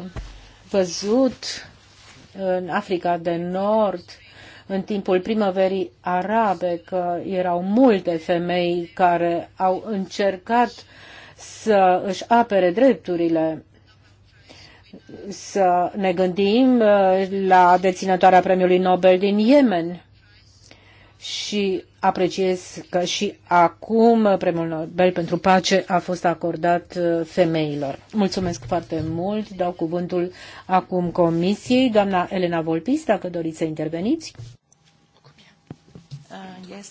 văzut în Africa de Nord, în timpul primăverii arabe, că erau multe femei care au încercat să își apere drepturile să ne gândim uh, la deținătoarea premiului Nobel din Yemen și apreciez că și acum premiul Nobel pentru pace a fost acordat uh, femeilor. Mulțumesc foarte mult. Dau cuvântul acum comisiei. Doamna Elena Volpis, dacă doriți să interveniți. Uh,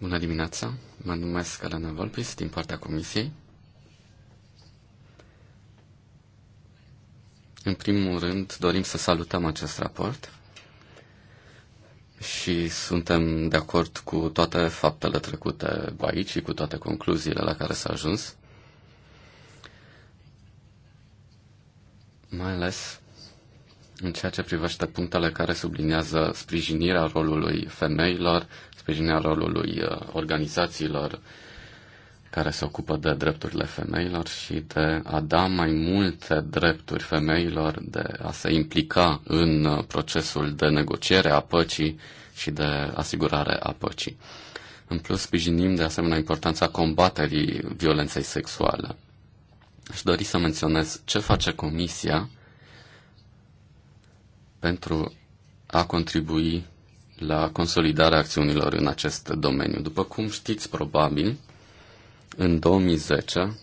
Bună dimineața. Mă numesc Elena Volpis din partea Comisiei. În primul rând, dorim să salutăm acest raport și suntem de acord cu toate faptele trecute aici și cu toate concluziile la care s-a ajuns. Mai ales în ceea ce privește punctele care subliniază sprijinirea rolului femeilor, sprijinirea rolului uh, organizațiilor care se ocupă de drepturile femeilor și de a da mai multe drepturi femeilor, de a se implica în uh, procesul de negociere a păcii și de asigurare a păcii. În plus, sprijinim de asemenea importanța combaterii violenței sexuale. Aș dori să menționez ce face Comisia pentru a contribui la consolidarea acțiunilor în acest domeniu. După cum știți, probabil, în 2010,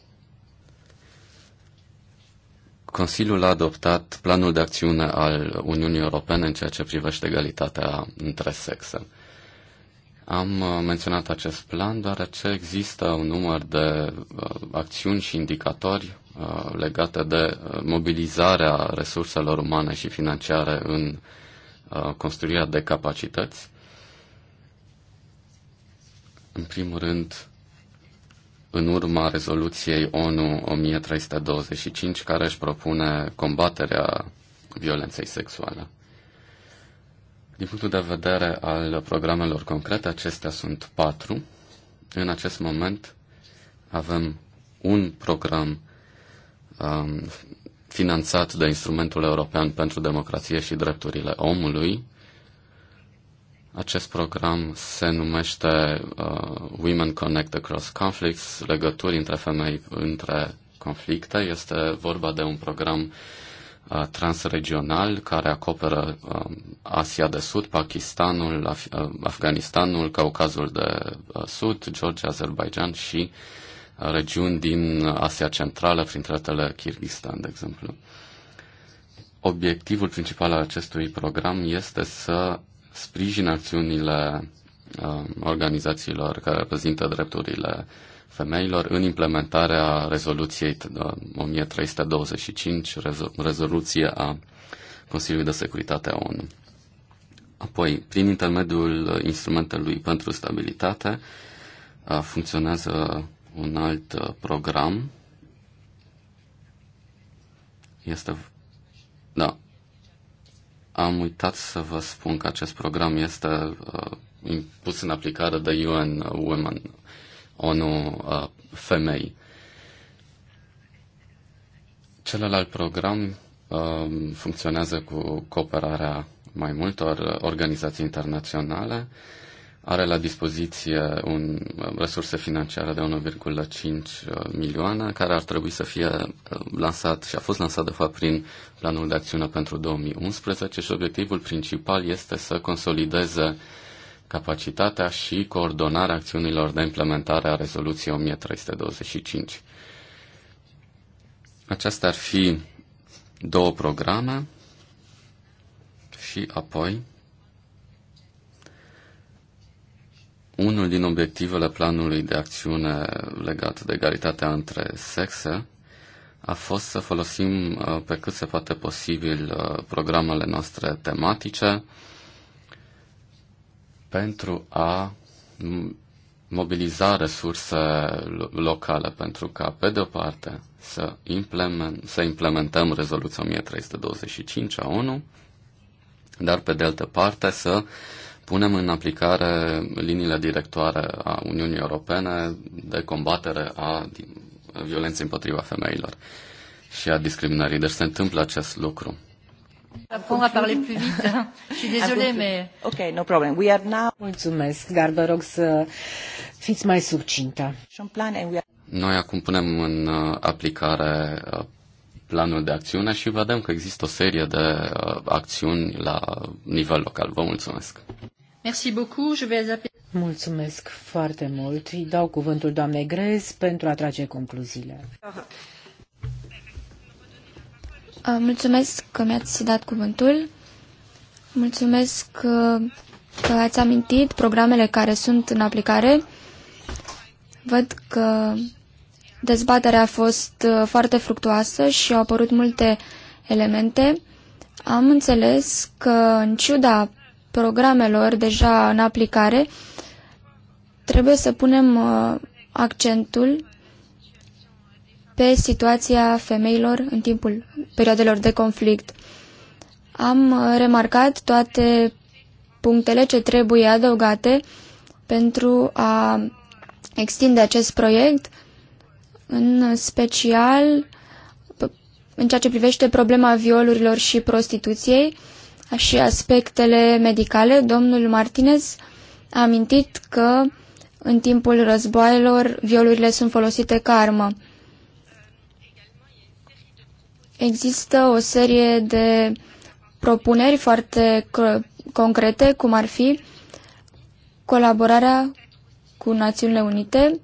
Consiliul a adoptat planul de acțiune al Uniunii Europene în ceea ce privește egalitatea între sexe. Am uh, menționat acest plan deoarece există un număr de uh, acțiuni și indicatori uh, legate de mobilizarea resurselor umane și financiare în Uh, construirea de capacități. În primul rând, în urma rezoluției ONU 1325, care își propune combaterea violenței sexuale. Din punctul de vedere al programelor concrete, acestea sunt patru. În acest moment avem un program um, finanțat de Instrumentul European pentru Democrație și Drepturile Omului. Acest program se numește uh, Women Connect Across Conflicts, legături între femei între conflicte. Este vorba de un program uh, transregional care acoperă um, Asia de Sud, Pakistanul, Af- uh, Afganistanul, Caucazul de uh, Sud, Georgia, Azerbaijan și uh, regiuni din Asia Centrală, printre altele Kyrgyzstan, de exemplu. Obiectivul principal al acestui program este să sprijine acțiunile um, organizațiilor care reprezintă drepturile femeilor în implementarea rezoluției 1325, um, rezoluție a Consiliului de Securitate a ONU. Apoi, prin intermediul instrumentelui pentru stabilitate, uh, funcționează un alt uh, program. Este... Da. Am uitat să vă spun că acest program este uh, pus în aplicare de UN Women, ONU uh, Femei. Celălalt program uh, funcționează cu cooperarea mai multor organizații internaționale. Uh, are la dispoziție un, uh, resurse financiare de 1,5 uh, milioane, care ar trebui să fie uh, lansat și a fost lansat, de fapt, prin planul de acțiune pentru 2011 și obiectivul principal este să consolideze capacitatea și coordonarea acțiunilor de implementare a rezoluției 1325. Acestea ar fi două programe și apoi Unul din obiectivele planului de acțiune legat de egalitatea între sexe a fost să folosim uh, pe cât se poate posibil uh, programele noastre tematice pentru a mobiliza resurse locale pentru ca, pe de o parte, să, implement, să implementăm rezoluția 1325 a ONU, dar, pe de altă parte, să uh, punem în aplicare liniile directoare a Uniunii Europene de combatere a violenței împotriva femeilor și a discriminării. Deci se întâmplă acest lucru. Acum a parler plus vite. Și désolée, Ok, no problem. We are now... Mulțumesc, dar vă rog să fiți mai subcintă. Noi acum punem în uh, aplicare uh, planul de acțiune și vedem că există o serie de uh, acțiuni la nivel local. Vă mulțumesc. Merci beaucoup. Je vais Mulțumesc foarte mult. Îi dau cuvântul doamnei Grez pentru a trage concluziile. Uh, mulțumesc că mi-ați dat cuvântul. Mulțumesc că, uh, că ați amintit programele care sunt în aplicare. Văd că dezbaterea a fost uh, foarte fructuoasă și au apărut multe elemente. Am înțeles că, în ciuda programelor deja în aplicare, trebuie să punem uh, accentul pe situația femeilor în timpul perioadelor de conflict. Am uh, remarcat toate punctele ce trebuie adăugate pentru a extinde acest proiect, în special în ceea ce privește problema violurilor și prostituției, și aspectele medicale, domnul Martinez a amintit că în timpul războaielor violurile sunt folosite ca armă. Există o serie de propuneri foarte concrete, cum ar fi colaborarea cu Națiunile Unite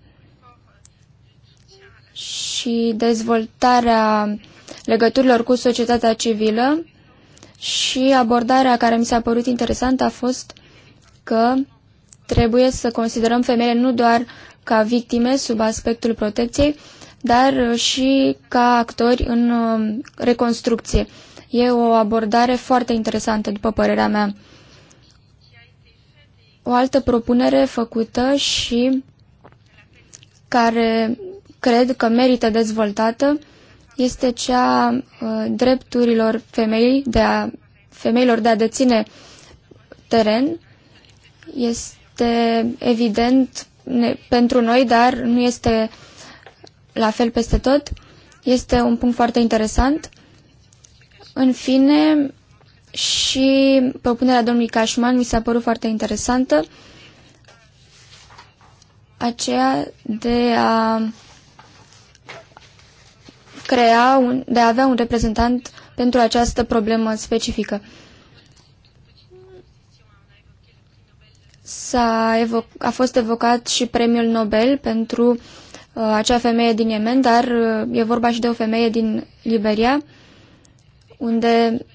și dezvoltarea legăturilor cu societatea civilă și abordarea care mi s-a părut interesantă a fost că trebuie să considerăm femeile nu doar ca victime sub aspectul protecției, dar și ca actori în um, reconstrucție. E o abordare foarte interesantă, după părerea mea. O altă propunere făcută și care cred că merită dezvoltată este cea uh, drepturilor femei de a, femeilor de a deține teren. Este evident ne, pentru noi, dar nu este la fel peste tot. Este un punct foarte interesant. În fine, și propunerea domnului Cașman mi s-a părut foarte interesantă, aceea de a crea, un, de a avea un reprezentant pentru această problemă specifică. S-a a fost evocat și premiul Nobel pentru uh, acea femeie din Yemen, dar uh, e vorba și de o femeie din Liberia, unde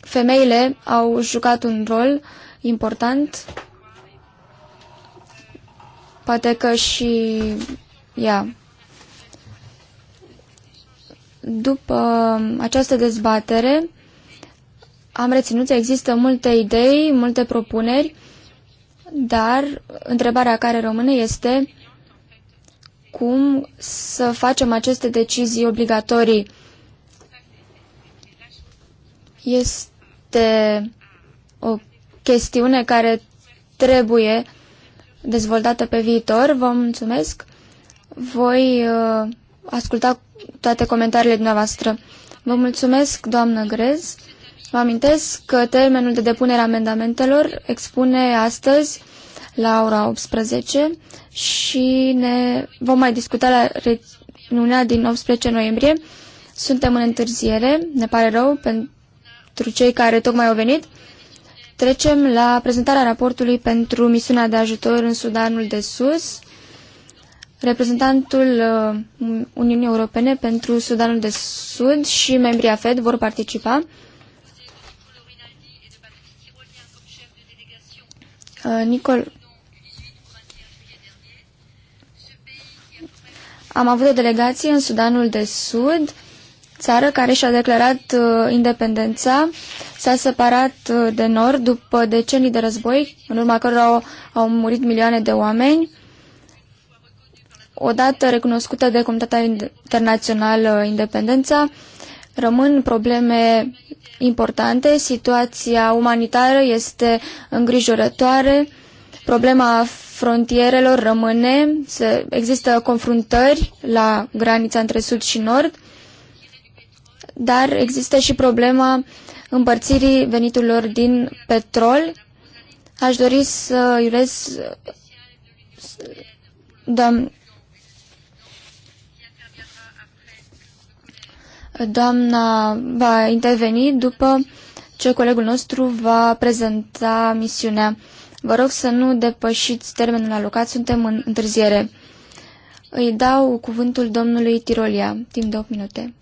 femeile au jucat un rol important. Poate că și ea după această dezbatere, am reținut că există multe idei, multe propuneri, dar întrebarea care rămâne este cum să facem aceste decizii obligatorii. Este o chestiune care trebuie dezvoltată pe viitor. Vă mulțumesc. Voi uh, asculta toate comentariile dumneavoastră. Vă mulțumesc, doamnă Grez. Vă amintesc că termenul de depunere a amendamentelor expune astăzi la ora 18 și ne vom mai discuta la reuniunea din 18 noiembrie. Suntem în întârziere, ne pare rău pentru cei care tocmai au venit. Trecem la prezentarea raportului pentru misiunea de ajutor în Sudanul de Sus. Reprezentantul uh, Uniunii Europene pentru Sudanul de Sud și membrii AFED vor participa. Uh, Nicol, am avut o delegație în Sudanul de Sud, țară care și-a declarat uh, independența, s-a separat de nord după decenii de război, în urma cărora au, au murit milioane de oameni odată recunoscută de comunitatea internațională independența, rămân probleme importante, situația umanitară este îngrijorătoare, problema frontierelor rămâne, se, există confruntări la granița între sud și nord, dar există și problema împărțirii veniturilor din petrol. Aș dori să urez doam, Doamna va interveni după ce colegul nostru va prezenta misiunea. Vă rog să nu depășiți termenul alocat, suntem în întârziere. Îi dau cuvântul domnului Tirolia, timp de 8 minute.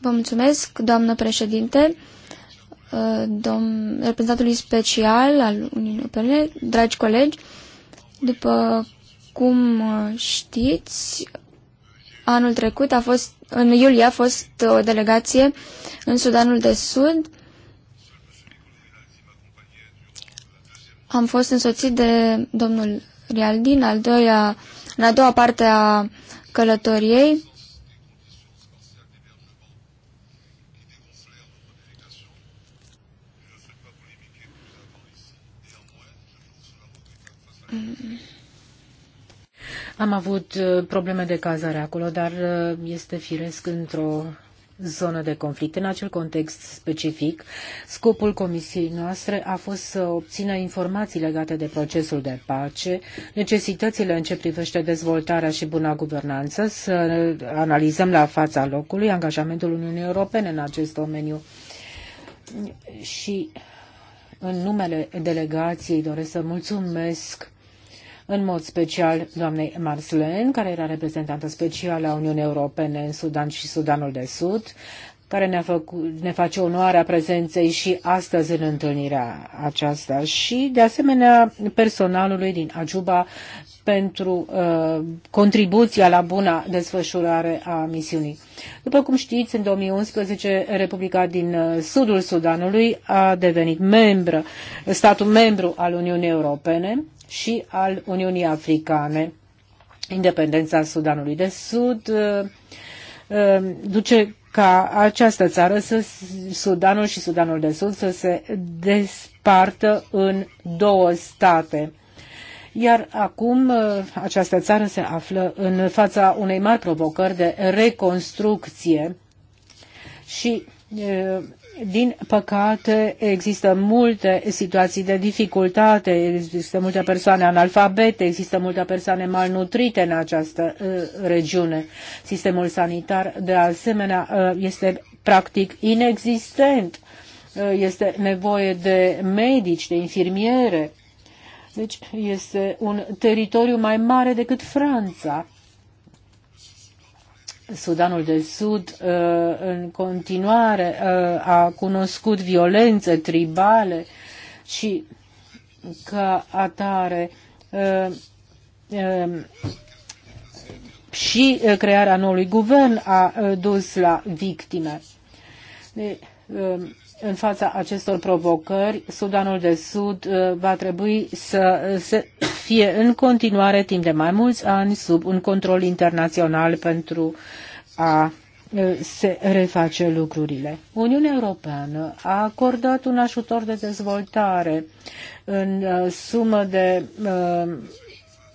Vă mulțumesc, doamnă președinte dom reprezentantului special al Uniunii Europene, dragi colegi, după cum uh, știți, anul trecut a fost, în iulie a fost o delegație în Sudanul de Sud. Am fost însoțit de domnul Rialdin, al doilea, în a doua parte a călătoriei. Mm-hmm. Am avut uh, probleme de cazare acolo, dar uh, este firesc într-o zonă de conflict. În acel context specific, scopul comisiei noastre a fost să obțină informații legate de procesul de pace, necesitățile în ce privește dezvoltarea și buna guvernanță, să analizăm la fața locului angajamentul Uniunii Europene în acest domeniu. Și în numele delegației doresc să mulțumesc în mod special doamnei Marslen, care era reprezentantă specială a Uniunii Europene în Sudan și Sudanul de Sud, care ne, făcut, ne face onoarea prezenței și astăzi în întâlnirea aceasta și, de asemenea, personalului din Ajuba pentru uh, contribuția la buna desfășurare a misiunii. După cum știți, în 2011 Republica din uh, Sudul Sudanului a devenit membră, statul membru al Uniunii Europene și al Uniunii Africane. Independența Sudanului de Sud uh, uh, duce ca această țară, să, Sudanul și Sudanul de Sud, să se despartă în două state. Iar acum uh, această țară se află în fața unei mari provocări de reconstrucție și din păcate, există multe situații de dificultate, există multe persoane analfabete, există multe persoane malnutrite în această uh, regiune. Sistemul sanitar, de asemenea, uh, este practic inexistent. Uh, este nevoie de medici, de infirmiere. Deci este un teritoriu mai mare decât Franța Sudanul de Sud uh, în continuare uh, a cunoscut violențe tribale și ca atare uh, um, și crearea noului guvern a dus la victime. Um, în fața acestor provocări, Sudanul de Sud va trebui să se fie în continuare timp de mai mulți ani sub un control internațional pentru a se reface lucrurile. Uniunea Europeană a acordat un ajutor de dezvoltare în sumă de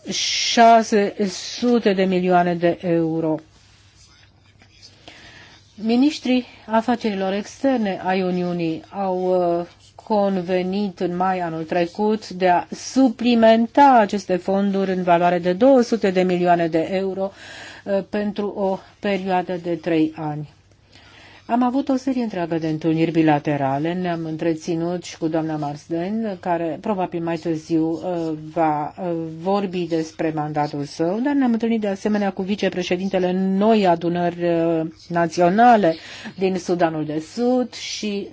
600 de milioane de euro. Ministrii afacerilor externe ai Uniunii au convenit în mai anul trecut de a suplimenta aceste fonduri în valoare de 200 de milioane de euro uh, pentru o perioadă de trei ani. Am avut o serie întreagă de întâlniri bilaterale, ne-am întreținut și cu doamna Marsden, care probabil mai târziu uh, va uh, vorbi despre mandatul său, dar ne-am întâlnit de asemenea cu vicepreședintele noi adunări uh, naționale din Sudanul de Sud și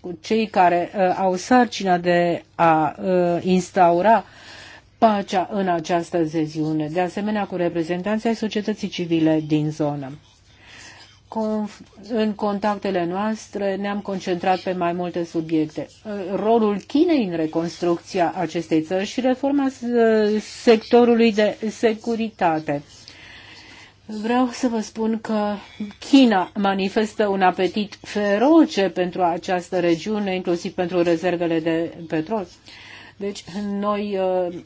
cu cei care au sarcina de a instaura pacea în această zeziune, de asemenea cu reprezentanții ai societății civile din zonă în contactele noastre ne-am concentrat pe mai multe subiecte. Rolul Chinei în reconstrucția acestei țări și reforma uh, sectorului de securitate. Vreau să vă spun că China manifestă un apetit feroce pentru această regiune, inclusiv pentru rezervele de petrol. Deci noi uh,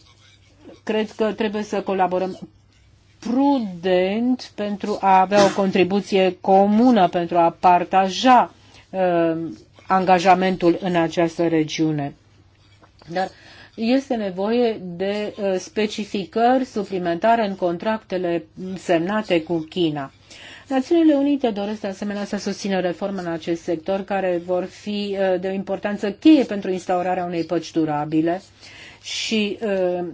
cred că trebuie să colaborăm prudent pentru a avea o contribuție comună, pentru a partaja uh, angajamentul în această regiune. Dar este nevoie de uh, specificări suplimentare în contractele semnate cu China. Națiunile Unite doresc de asemenea să susțină reforme în acest sector care vor fi uh, de o importanță cheie pentru instaurarea unei păci durabile și uh,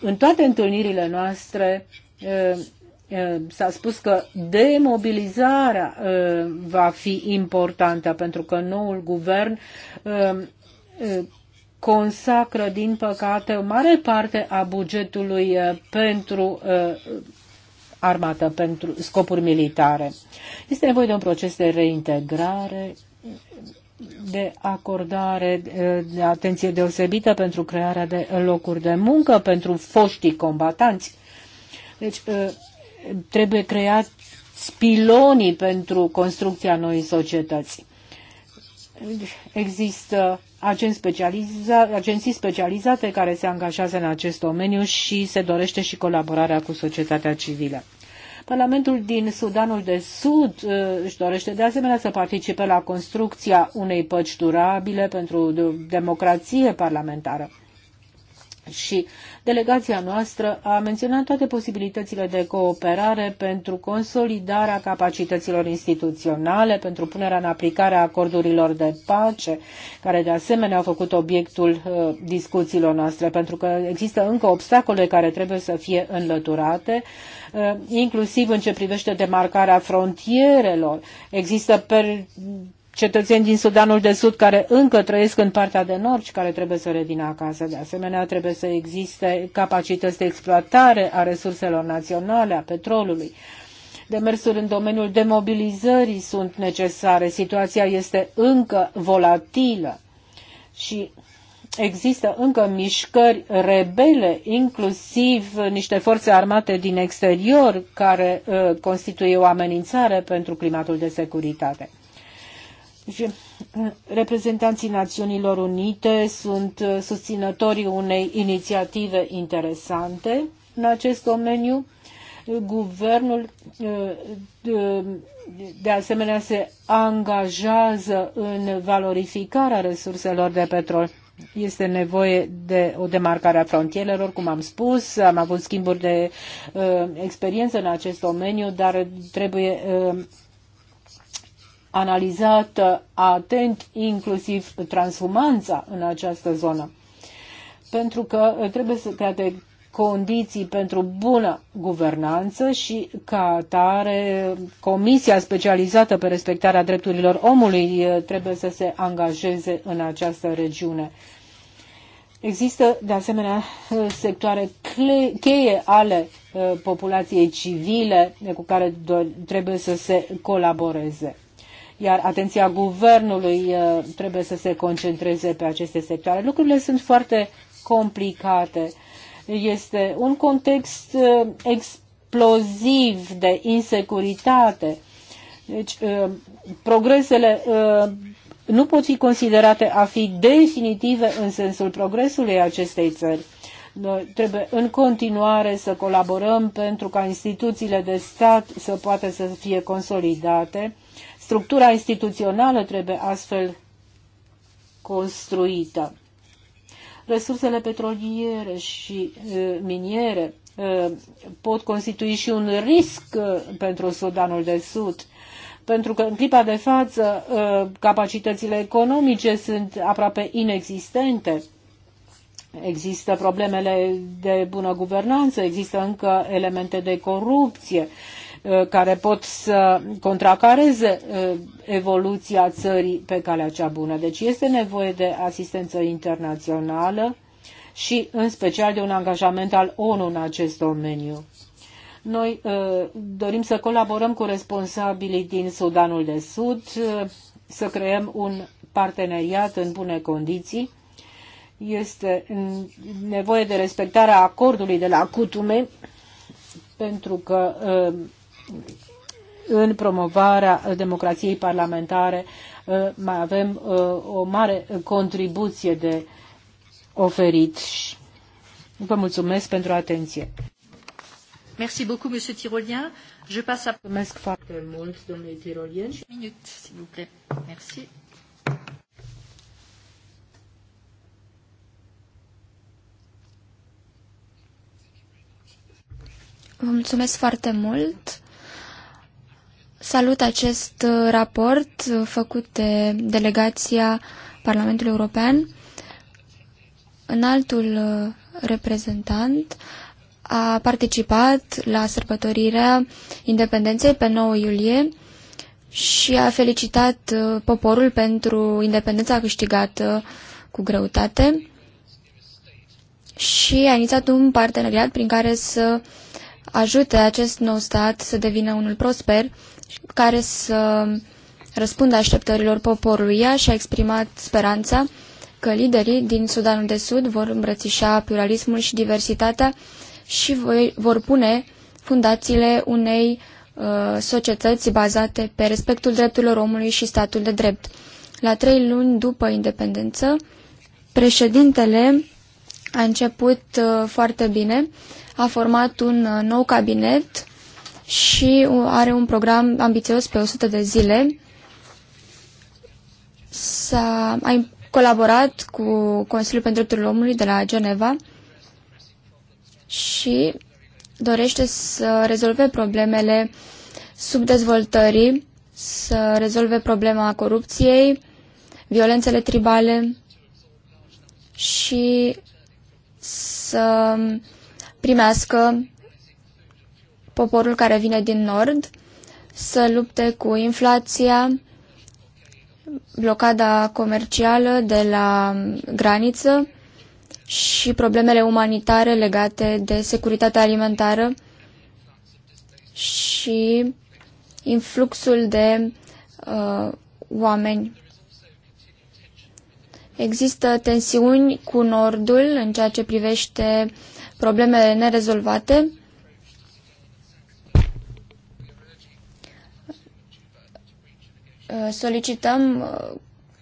în toate întâlnirile noastre s-a spus că demobilizarea va fi importantă pentru că noul guvern consacră, din păcate, o mare parte a bugetului pentru armată, pentru scopuri militare. Este nevoie de un proces de reintegrare, de acordare de atenție deosebită pentru crearea de locuri de muncă pentru foștii combatanți deci ă, trebuie creat spilonii pentru construcția noii societăți. Există agenți, specializa, agenții specializate care se angajează în acest domeniu și se dorește și colaborarea cu societatea civilă. Parlamentul din Sudanul de Sud ă, își dorește de asemenea să participe la construcția unei păci durabile pentru democrație parlamentară și delegația noastră a menționat toate posibilitățile de cooperare pentru consolidarea capacităților instituționale, pentru punerea în aplicare a acordurilor de pace, care de asemenea au făcut obiectul uh, discuțiilor noastre, pentru că există încă obstacole care trebuie să fie înlăturate, uh, inclusiv în ce privește demarcarea frontierelor. Există per cetățeni din Sudanul de Sud care încă trăiesc în partea de nord și care trebuie să revină acasă. De asemenea, trebuie să existe capacități de exploatare a resurselor naționale, a petrolului. Demersuri în domeniul demobilizării sunt necesare. Situația este încă volatilă și există încă mișcări rebele, inclusiv niște forțe armate din exterior care uh, constituie o amenințare pentru climatul de securitate. Eh, reprezentanții Națiunilor Unite sunt eh, susținătorii unei inițiative interesante în acest domeniu. Guvernul eh, de asemenea se angajează în valorificarea resurselor de petrol. Este nevoie de o demarcare a frontierelor, cum am spus, am avut schimburi de experiență în acest domeniu, dar trebuie analizată uh, atent inclusiv transhumanța în această zonă. Pentru că uh, trebuie să create condiții pentru bună guvernanță și ca atare Comisia specializată pe respectarea drepturilor omului uh, trebuie să se angajeze în această regiune. Există, de asemenea, sectoare cheie ale populației civile cu care trebuie să se colaboreze iar atenția guvernului uh, trebuie să se concentreze pe aceste sectoare. Lucrurile sunt foarte complicate. Este un context uh, exploziv de insecuritate. Deci, uh, progresele nu pot fi considerate a fi definitive în sensul progresului acestei țări. Noi trebuie în continuare să colaborăm pentru ca instituțiile de stat să poată să fie consolidate Structura instituțională trebuie astfel construită. Resursele petroliere și miniere pot constitui și un risc pentru Sudanul de Sud, pentru că în clipa de față capacitățile economice sunt aproape inexistente. Există problemele de bună guvernanță, există încă elemente de corupție, Uh, care pot să contracareze uh, evoluția țării pe calea cea bună. Deci este nevoie de asistență internațională și în special de un angajament al ONU în acest domeniu. Noi uh, dorim să colaborăm cu responsabilii din Sudanul de Sud, să creăm un parteneriat în bune condiții. Este mm, nevoie de respectarea acordului de la Cutume, pentru că în promovarea democrației parlamentare uh, mai avem uh, o mare contribuție de oferit. Vă mulțumesc pentru atenție. Merci beaucoup, monsieur Tirolien. Je passe à... Mulțumesc foarte mult, domnule Tirolien. Minute, s'il vous plaît. Merci. Vă mulțumesc foarte mult. Salut acest uh, raport uh, făcut de delegația Parlamentului European. Înaltul uh, reprezentant a participat la sărbătorirea independenței pe 9 iulie și a felicitat poporul pentru independența câștigată cu greutate și a inițiat un parteneriat prin care să ajute acest nou stat să devină unul prosper care să răspundă așteptărilor poporului. Ea și-a exprimat speranța că liderii din Sudanul de Sud vor îmbrățișa pluralismul și diversitatea și vor pune fundațiile unei uh, societăți bazate pe respectul drepturilor omului și statul de drept. La trei luni după independență, președintele a început uh, foarte bine, a format un uh, nou cabinet și are un program ambițios pe 100 de zile. S-a, a colaborat cu Consiliul pentru Drepturile Omului de la Geneva și dorește să rezolve problemele subdezvoltării, să rezolve problema corupției, violențele tribale și să primească poporul care vine din nord să lupte cu inflația, blocada comercială de la graniță și problemele umanitare legate de securitatea alimentară și influxul de uh, oameni. Există tensiuni cu Nordul în ceea ce privește problemele nerezolvate Uh, solicităm uh,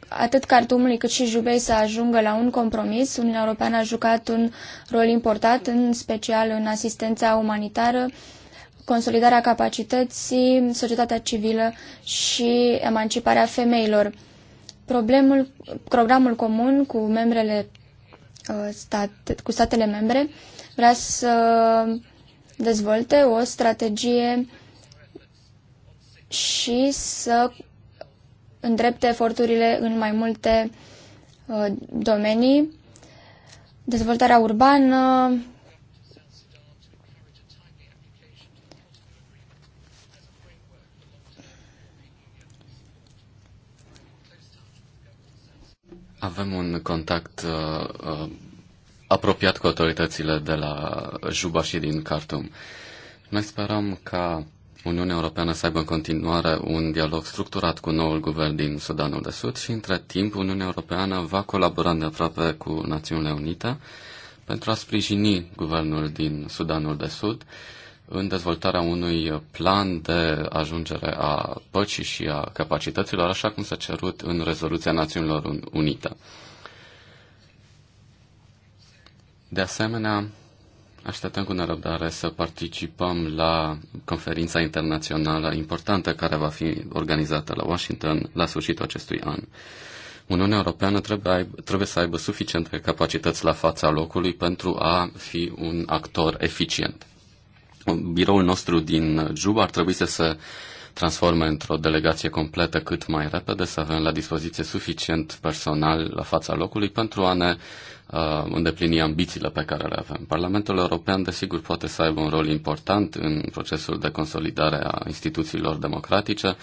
atât Cartumului cât și Jubei să ajungă la un compromis. Uniunea Europeană a jucat un rol important, în special în asistența umanitară, consolidarea capacității, societatea civilă și emanciparea femeilor. Problemul, programul comun cu membrele uh, stat, cu statele membre vrea să dezvolte o strategie și să îndrepte eforturile în mai multe uh, domenii, dezvoltarea urbană, Avem un contact uh, uh, apropiat cu autoritățile de la Juba și din Khartoum. Noi sperăm ca Uniunea Europeană să aibă în continuare un dialog structurat cu noul guvern din Sudanul de Sud și, între timp, Uniunea Europeană va colabora de aproape cu Națiunile Unite pentru a sprijini guvernul din Sudanul de Sud în dezvoltarea unui plan de ajungere a păcii și a capacităților, așa cum s-a cerut în rezoluția Națiunilor Unite. De asemenea, Așteptăm cu nerăbdare să participăm la conferința internațională importantă care va fi organizată la Washington la sfârșitul acestui an. Uniunea Europeană trebuie, trebuie să aibă suficiente capacități la fața locului pentru a fi un actor eficient. Biroul nostru din Juba ar trebui să se transforme într-o delegație completă cât mai repede, să avem la dispoziție suficient personal la fața locului pentru a ne uh, îndeplini ambițiile pe care le avem. Parlamentul European, desigur, poate să aibă un rol important în procesul de consolidare a instituțiilor democratice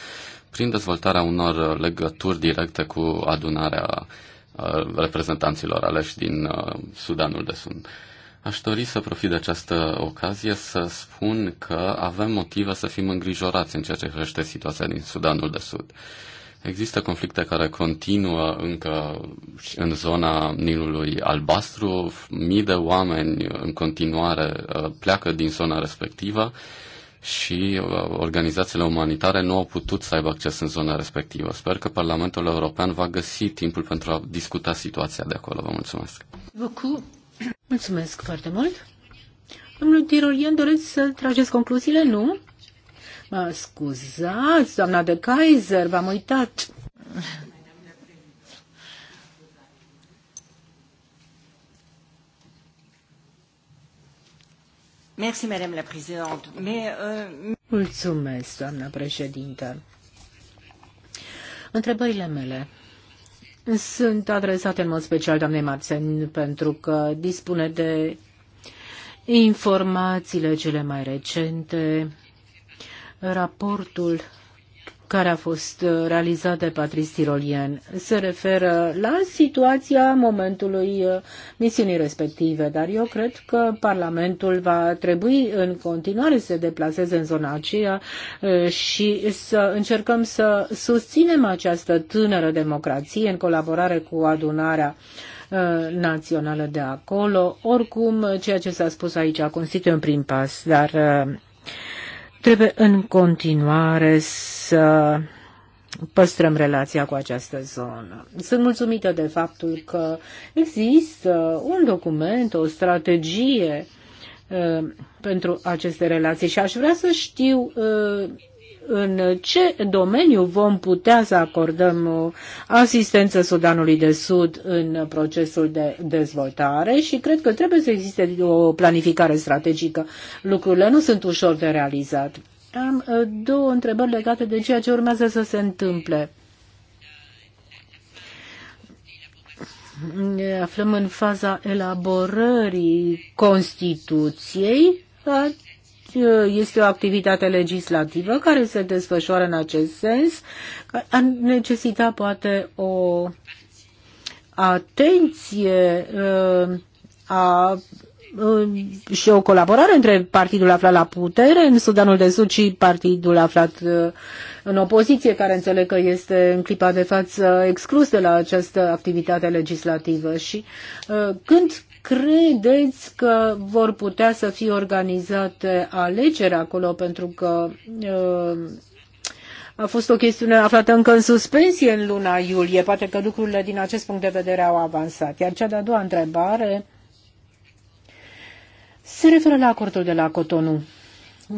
prin dezvoltarea unor legături directe cu adunarea uh, reprezentanților aleși din uh, Sudanul de Sud. Aș dori să profit de această ocazie să spun că avem motive să fim îngrijorați în ceea ce crește situația din Sudanul de Sud. Există conflicte care continuă încă în zona Nilului Albastru, mii de oameni în continuare uh, pleacă din zona respectivă și uh, organizațiile umanitare nu au putut să aibă acces în zona respectivă. Sper că Parlamentul European va găsi timpul pentru a discuta situația de acolo. Vă mulțumesc! Mulțumesc foarte mult. Domnul Tirolien, doreți să trageți concluziile? Nu? Mă scuzați, doamna de Kaiser, v-am uitat. Merci, Madame la Présidente. Mais, euh... Mulțumesc, doamna președintă. Întrebările mele sunt adresate în mod special doamnei Marțen pentru că dispune de informațiile cele mai recente, raportul care a fost uh, realizat de Patrice Tirolien se referă la situația momentului uh, misiunii respective, dar eu cred că Parlamentul va trebui în continuare să se deplaseze în zona aceea uh, și să încercăm să susținem această tânără democrație în colaborare cu adunarea națională de acolo. Oricum, ceea ce s-a spus aici constituie un prim pas, dar Trebuie în continuare să păstrăm relația cu această zonă. Sunt mulțumită de faptul că există un document, o strategie uh, pentru aceste relații și aș vrea să știu uh, în ce domeniu vom putea să acordăm asistență Sudanului de Sud în procesul de dezvoltare și cred că trebuie să existe o planificare strategică. Lucrurile nu sunt ușor de realizat. Am uh, două întrebări legate de ceea ce urmează să se întâmple. Ne aflăm în faza elaborării Constituției, deci, uh, este o activitate legislativă care se desfășoară în acest sens, ar necesita poate o atenție uh, a uh, și o colaborare între partidul aflat la putere în Sudanul de Sud și partidul aflat în opoziție, care înțeleg că este în clipa de față exclus de la această activitate legislativă. Și când Credeți că vor putea să fie organizate alegeri acolo pentru că uh, a fost o chestiune aflată încă în suspensie în luna iulie. Poate că lucrurile din acest punct de vedere au avansat. Iar cea de-a doua întrebare se referă la acordul de la Cotonou.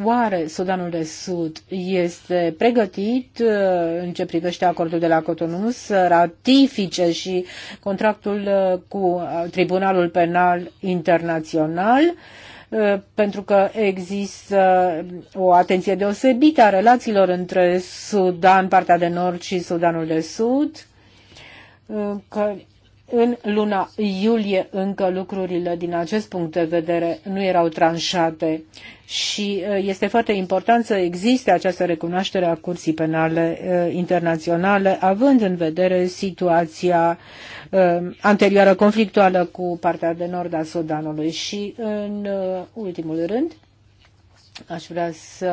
Oare Sudanul de Sud este pregătit uh, în ce privește acordul de la Cotonou să ratifice și contractul uh, cu uh, Tribunalul Penal Internațional? pentru că există o atenție deosebită a relațiilor între Sudan, partea de nord și Sudanul de Sud, că în luna iulie încă lucrurile din acest punct de vedere nu erau tranșate și uh, este foarte important să existe această recunoaștere a Curții Penale uh, Internaționale, având în vedere situația uh, anterioară conflictuală cu partea de nord a Sudanului. Și în ultimul rând, aș vrea să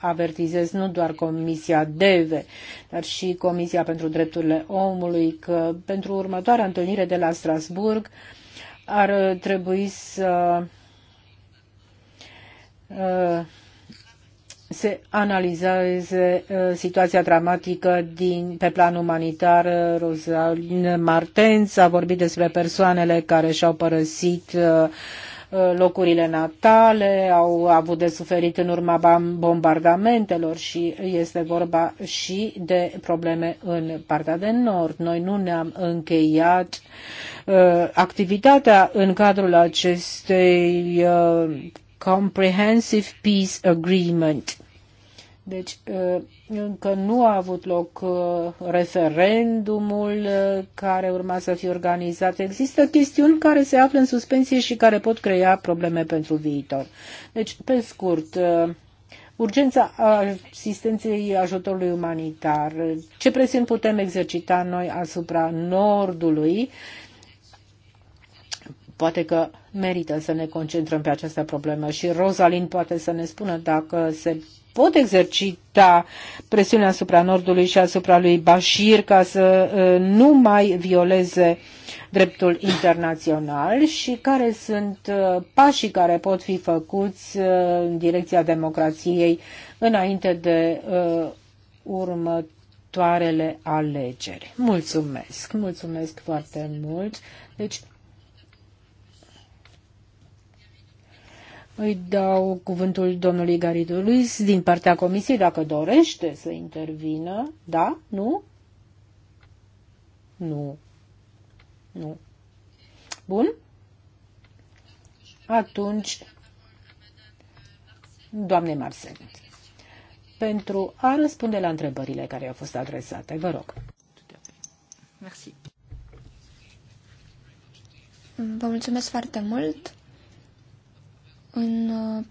avertizez nu doar Comisia DEVE, dar și Comisia pentru Drepturile Omului că pentru următoarea întâlnire de la Strasburg ar trebui să uh, se analizeze uh, situația dramatică din, pe plan umanitar. Uh, Rosalina Martens a vorbit despre persoanele care și-au părăsit uh, Eh, locurile natale au avut de suferit în urma bombardamentelor și este vorba și de probleme în partea de nord. Noi nu ne-am încheiat eh, activitatea în cadrul acestei eh, Comprehensive Peace Agreement deci uh, încă nu a avut loc uh, referendumul uh, care urma să fie organizat. Există chestiuni care se află în suspensie și care pot crea probleme pentru viitor. Deci, pe scurt, urgența asistenței ajutorului umanitar, ce presiuni putem exercita noi asupra Nordului, poate că merită să ne concentrăm pe această problemă și Rosalind poate să ne spună dacă se pot exercita presiunea asupra Nordului și asupra lui Bashir ca să uh, nu mai violeze dreptul internațional și care sunt uh, pașii care pot fi făcuți uh, în direcția democrației înainte de următoarele alegeri. Mulțumesc, mulțumesc foarte mult. Deci Îi dau cuvântul domnului Garidu Luis din partea comisiei dacă dorește să intervină. Da? Nu? Nu. Nu. Bun? Atunci, doamne Marcel, pentru a răspunde la întrebările care au fost adresate, vă rog. Vă mulțumesc foarte mult. În, uh,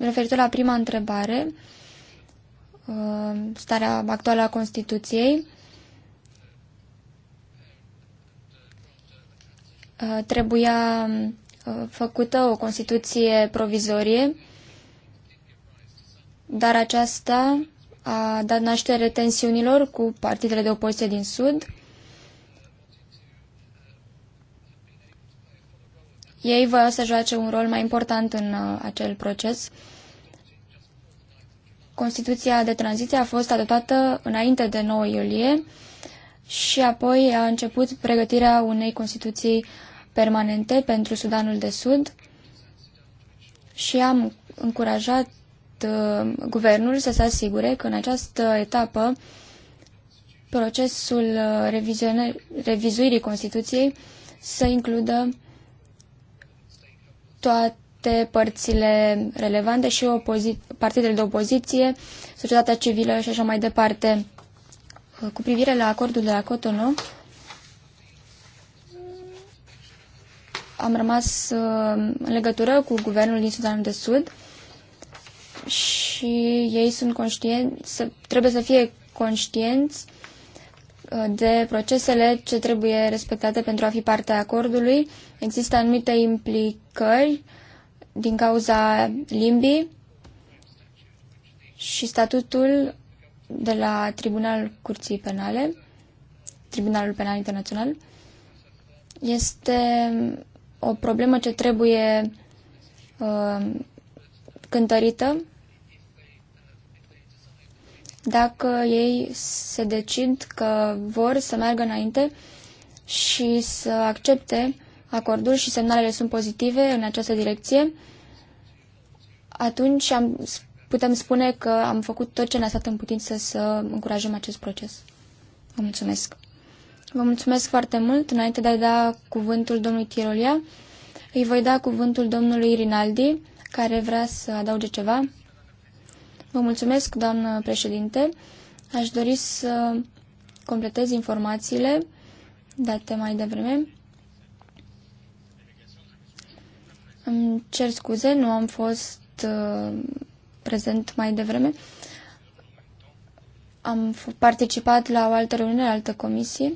referitor la prima întrebare, uh, starea actuală a Constituției, uh, trebuia făcută o Constituție provizorie, dar aceasta a dat naștere tensiunilor cu partidele de opoziție din Sud, Ei voiau să joace un rol mai important în uh, acel proces. Constituția de tranziție a fost adoptată înainte de 9 iulie și apoi a început pregătirea unei Constituții permanente pentru Sudanul de Sud și am încurajat uh, guvernul să se asigure că în această etapă procesul uh, revizuirii Constituției să includă toate părțile relevante și partidele de opoziție, societatea civilă și așa mai departe. Uh, cu privire la acordul de la Cotonou, am rămas uh, în legătură cu guvernul din Sudanul de Sud și ei sunt conștienți, trebuie să fie conștienți de procesele ce trebuie respectate pentru a fi parte a acordului. Există anumite implicări din cauza limbii și statutul de la Tribunalul Curții Penale, Tribunalul Penal Internațional, este o problemă ce trebuie uh, cântărită dacă ei se decid că vor să meargă înainte și să accepte acordul și semnalele sunt pozitive în această direcție, atunci am, putem spune că am făcut tot ce ne-a stat în putință să încurajăm acest proces. Vă mulțumesc! Vă mulțumesc foarte mult. Înainte de a da cuvântul domnului Tirolia, îi voi da cuvântul domnului Rinaldi, care vrea să adauge ceva. Vă mulțumesc, doamnă președinte. Aș dori să completez informațiile date mai devreme. Îmi cer scuze, nu am fost uh, prezent mai devreme. Am participat la o altă reuniune, altă comisie.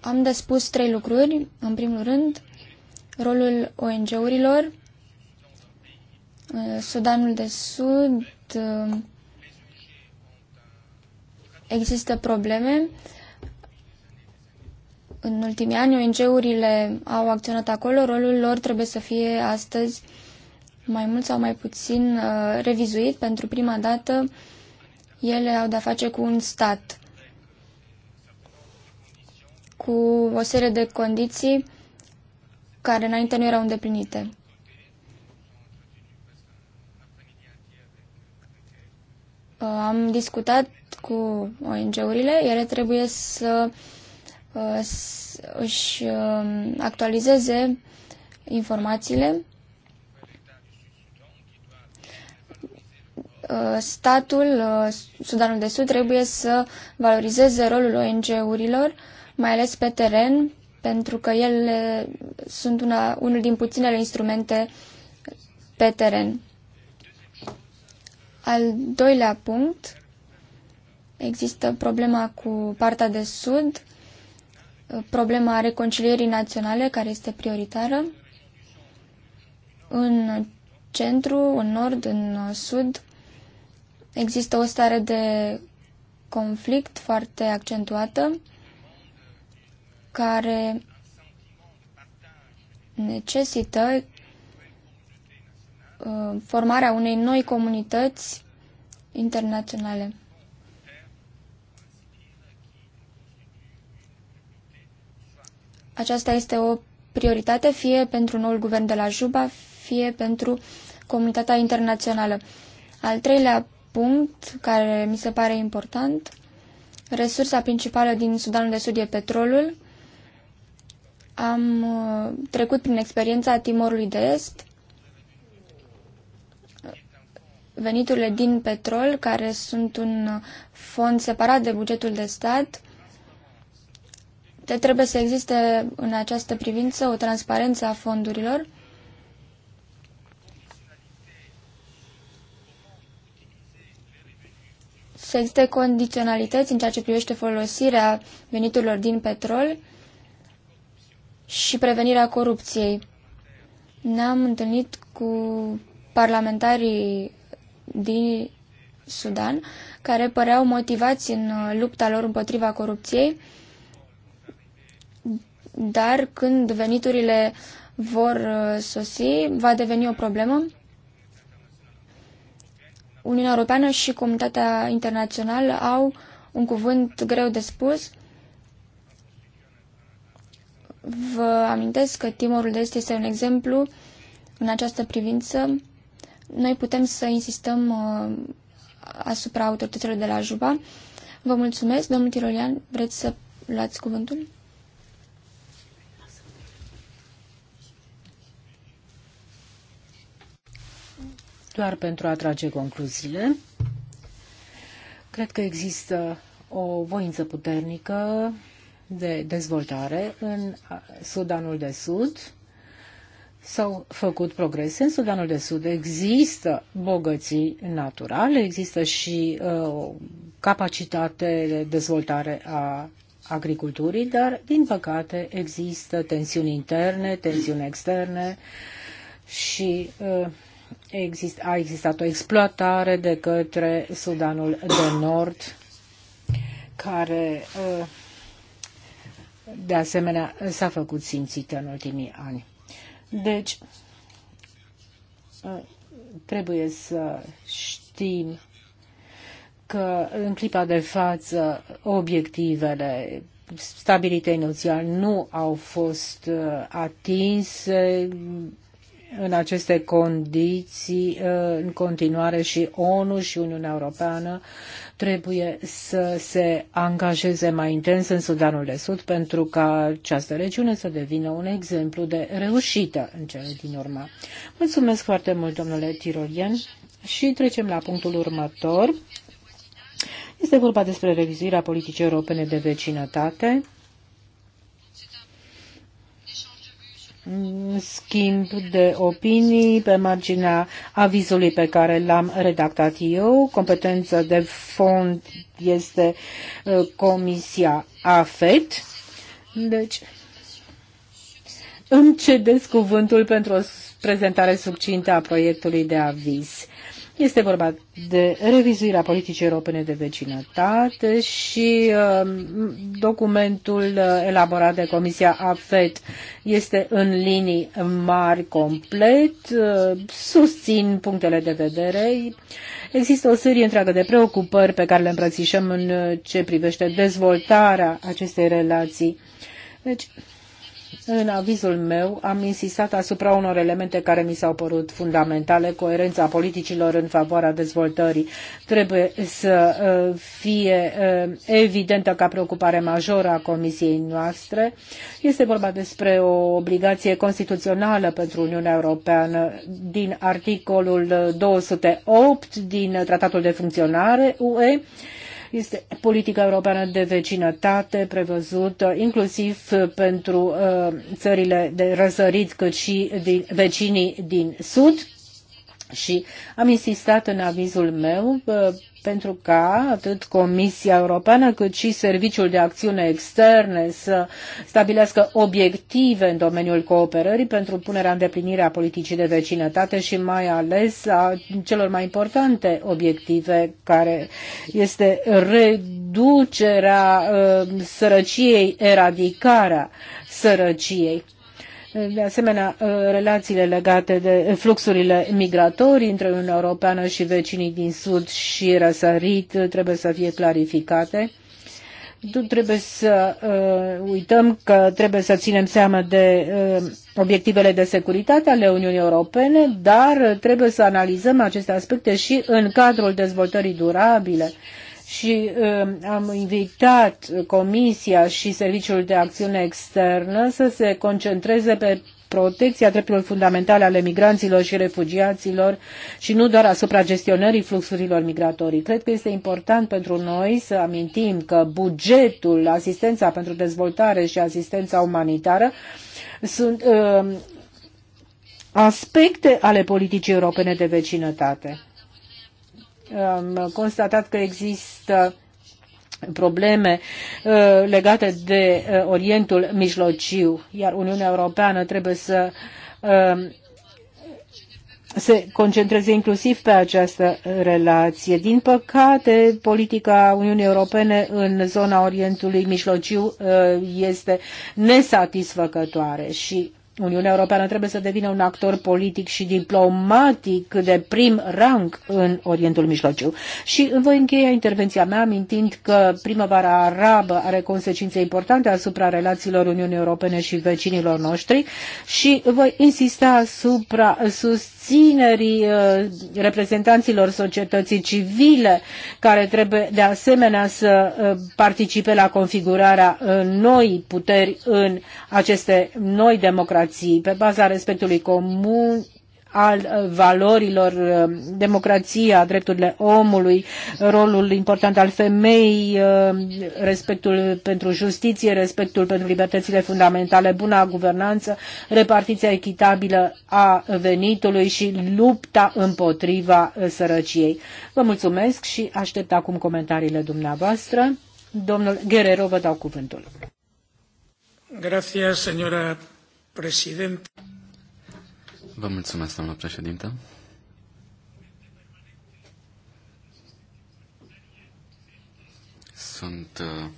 Am de spus trei lucruri. În primul rând, rolul ONG-urilor Eh, Sudanul de Sud eh, există probleme. În ultimii ani ONG-urile au acționat acolo, rolul lor trebuie să fie astăzi mai mult sau mai puțin eh, revizuit. Pentru prima dată ele au de-a face cu un stat, cu o serie de condiții care înainte nu erau îndeplinite. Uh, am discutat cu ONG-urile, ele trebuie să uh, își um, actualizeze informațiile. Uh, statul, Sudanul de Sud, trebuie să valorizeze rolul ONG-urilor, mai ales pe teren, pentru că ele sunt una, unul din puținele instrumente pe teren. Al doilea punct, există problema cu partea de sud, problema reconcilierii naționale, care este prioritară. În centru, în nord, în sud, există o stare de conflict foarte accentuată, care necesită Uh, formarea unei noi comunități internaționale. Aceasta este o prioritate fie pentru noul guvern de la Juba, fie pentru comunitatea internațională. Al treilea punct care mi se pare important, resursa principală din Sudanul de Sud e petrolul. Am uh, trecut prin experiența Timorului de Est veniturile din petrol, care sunt un fond separat de bugetul de stat, de trebuie să existe în această privință o transparență a fondurilor. Să existe condiționalități în ceea ce privește folosirea veniturilor din petrol și prevenirea corupției. Ne-am întâlnit cu parlamentarii din Sudan, care păreau motivați în uh, lupta lor împotriva corupției, dar când veniturile vor uh, sosi, va deveni o problemă. Uniunea Europeană și comunitatea internațională au un cuvânt greu de spus. Vă amintesc că Timorul de Est este un exemplu în această privință noi putem să insistăm uh, asupra autorităților de la Juba. Vă mulțumesc. Domnul Tirolian, vreți să luați cuvântul? Doar pentru a trage concluziile, cred că există o voință puternică de dezvoltare în uh, Sudanul de Sud, s-au făcut progrese. În Sudanul de Sud există bogății naturale, există și uh, capacitate de dezvoltare a agriculturii, dar, din păcate, există tensiuni interne, tensiuni externe și uh, exist, a existat o exploatare de către Sudanul de Nord, care, uh, de asemenea, s-a făcut simțită în ultimii ani. Deci, trebuie să știm că în clipa de față obiectivele stabilite inițial nu au fost uh, atinse, în aceste condiții, uh, în continuare și ONU și Uniunea Europeană trebuie să se angajeze mai intens în Sudanul de Sud pentru ca această regiune să devină un exemplu de reușită în cele din urmă. Mulțumesc foarte mult, domnule Tirolien, și trecem la punctul următor. Este vorba despre revizuirea politicii europene de vecinătate. schimb de opinii pe marginea avizului pe care l-am redactat eu. Competența de fond este uh, Comisia AFET. Deci, îmi cedez cuvântul pentru o prezentare succintă a proiectului de aviz. Este vorba de revizuirea politicii europene de vecinătate și um, documentul uh, elaborat de Comisia AFET este în linii mari complet, uh, susțin punctele de vedere. Există o serie întreagă de preocupări pe care le îmbrățișăm în uh, ce privește dezvoltarea acestei relații. Deci, în avizul meu am insistat asupra unor elemente care mi s-au părut fundamentale, coerența politicilor în favoarea dezvoltării. Trebuie să uh, fie uh, evidentă ca preocupare majoră a Comisiei noastre. Este vorba despre o obligație constituțională pentru Uniunea Europeană din articolul 208 uh, din Tratatul de Funcționare UE este politica europeană de vecinătate prevăzută inclusiv pentru uh, țările de răsărit cât și vecinii din sud și am insistat în avizul meu pentru ca atât Comisia Europeană cât și Serviciul de Acțiune Externe să stabilească obiective în domeniul cooperării pentru punerea în deplinire a politicii de vecinătate și mai ales a celor mai importante obiective care este reducerea ă, sărăciei, eradicarea sărăciei de asemenea uh, relațiile legate de fluxurile migratorii între Uniunea Europeană și vecinii din Sud și răsărit uh, trebuie să fie clarificate. Nu trebuie să uh, uităm că trebuie să ținem seama de uh, obiectivele de securitate ale Uniunii Europene, dar trebuie să analizăm aceste aspecte și în cadrul dezvoltării durabile. Uh, și um, am invitat Comisia și Serviciul de Acțiune Externă să se concentreze pe protecția drepturilor fundamentale ale migranților și refugiaților și nu doar asupra gestionării fluxurilor migratorii. Cred că este important pentru noi să amintim că bugetul, asistența pentru dezvoltare și asistența umanitară sunt uh, aspecte ale politicii europene de vecinătate. Am constatat că există probleme uh, legate de uh, Orientul Mijlociu, iar Uniunea Europeană trebuie să um, se concentreze inclusiv pe această relație. Din păcate, politica Uniunii Europene în zona Orientului Mijlociu uh, este nesatisfăcătoare și Uniunea Europeană trebuie să devină un actor politic și diplomatic de prim rang în Orientul Mijlociu. Și voi încheia intervenția mea amintind că primăvara arabă are consecințe importante asupra relațiilor Uniunii Europene și vecinilor noștri și voi insista asupra susținerii uh, reprezentanților societății civile care trebuie de asemenea să uh, participe la configurarea uh, noi puteri în aceste noi democrații democrației, pe baza respectului comun al valorilor, democrația, drepturile omului, rolul important al femei, respectul pentru justiție, respectul pentru libertățile fundamentale, buna guvernanță, repartiția echitabilă a venitului și lupta împotriva sărăciei. Vă mulțumesc și aștept acum comentariile dumneavoastră. Domnul Guerrero, vă dau cuvântul. Gracias, señora președinte. Vă mulțumesc, doamnă președinte. Sunt uh,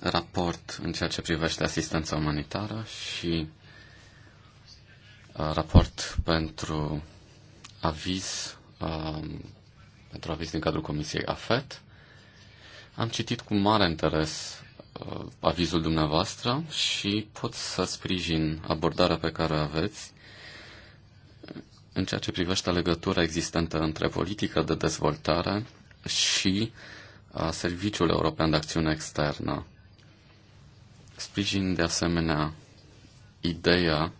raport în ceea ce privește asistența umanitară și uh, raport pentru aviz, um, pentru aviz din cadrul Comisiei AFET. Am citit cu mare interes uh, avizul dumneavoastră și pot să sprijin abordarea pe care o aveți în ceea ce privește legătura existentă între politica de dezvoltare și uh, Serviciul European de Acțiune Externă. Sprijin de asemenea ideea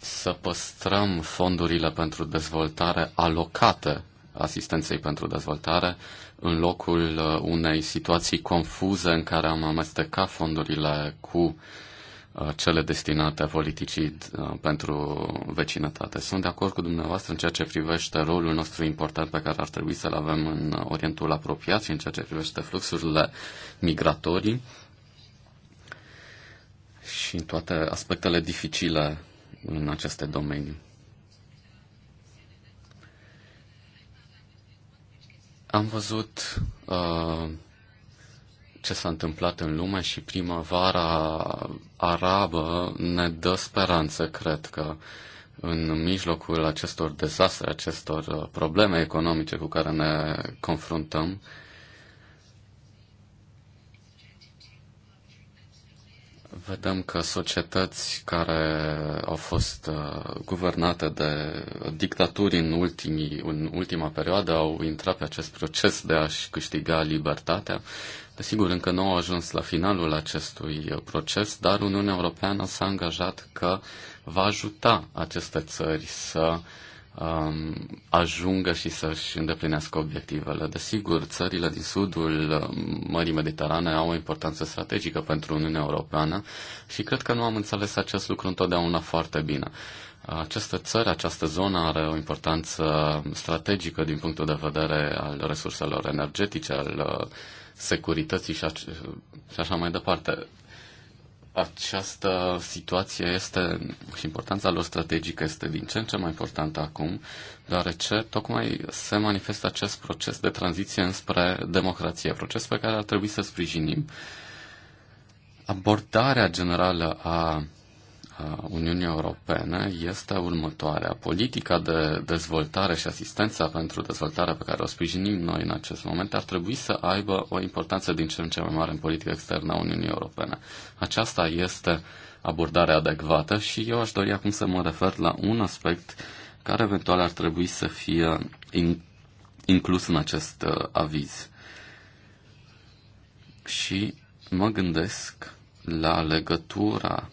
să păstrăm fondurile pentru dezvoltare alocate asistenței pentru dezvoltare uh, în locul uh, unei situații confuze în care am amestecat fondurile cu uh, cele destinate politicii uh, pentru vecinătate. Sunt de acord cu dumneavoastră în ceea ce privește rolul nostru important pe care ar trebui să-l avem în Orientul apropiat și în ceea ce privește fluxurile migratorii și în toate aspectele dificile în aceste domenii. Am văzut uh, ce s-a întâmplat în lume și primăvara arabă ne dă speranță, cred că în mijlocul acestor dezastre, acestor uh, probleme economice cu care ne confruntăm, uh, vedem că societăți care au fost uh, guvernate de dictaturi în, ultimii, în ultima perioadă au intrat pe acest proces de a-și câștiga libertatea. Desigur, încă nu au ajuns la finalul acestui proces, dar Uniunea Europeană s-a angajat că va ajuta aceste țări să uh, um, ajungă și să-și îndeplinească obiectivele. Desigur, țările din sudul um, Mării Mediterane au o importanță strategică pentru Uniunea Europeană și cred că nu am înțeles acest lucru întotdeauna foarte bine. Această țară, această zonă are o importanță strategică din punctul de vedere al resurselor energetice, al uh, securității și, așa mai departe această situație este și importanța lor strategică este din ce în ce mai importantă acum, deoarece tocmai se manifestă acest proces de tranziție înspre democrație, proces pe care ar trebui să sprijinim. Abordarea generală a Uniunii Europene este următoarea. Politica de dezvoltare și asistența pentru dezvoltare pe care o sprijinim noi în acest moment ar trebui să aibă o importanță din ce în ce mai mare în politica externă a Uniunii Europene. Aceasta este abordarea adecvată și eu aș dori acum să mă refer la un aspect care eventual ar trebui să fie in, inclus în acest uh, aviz. Și mă gândesc la legătura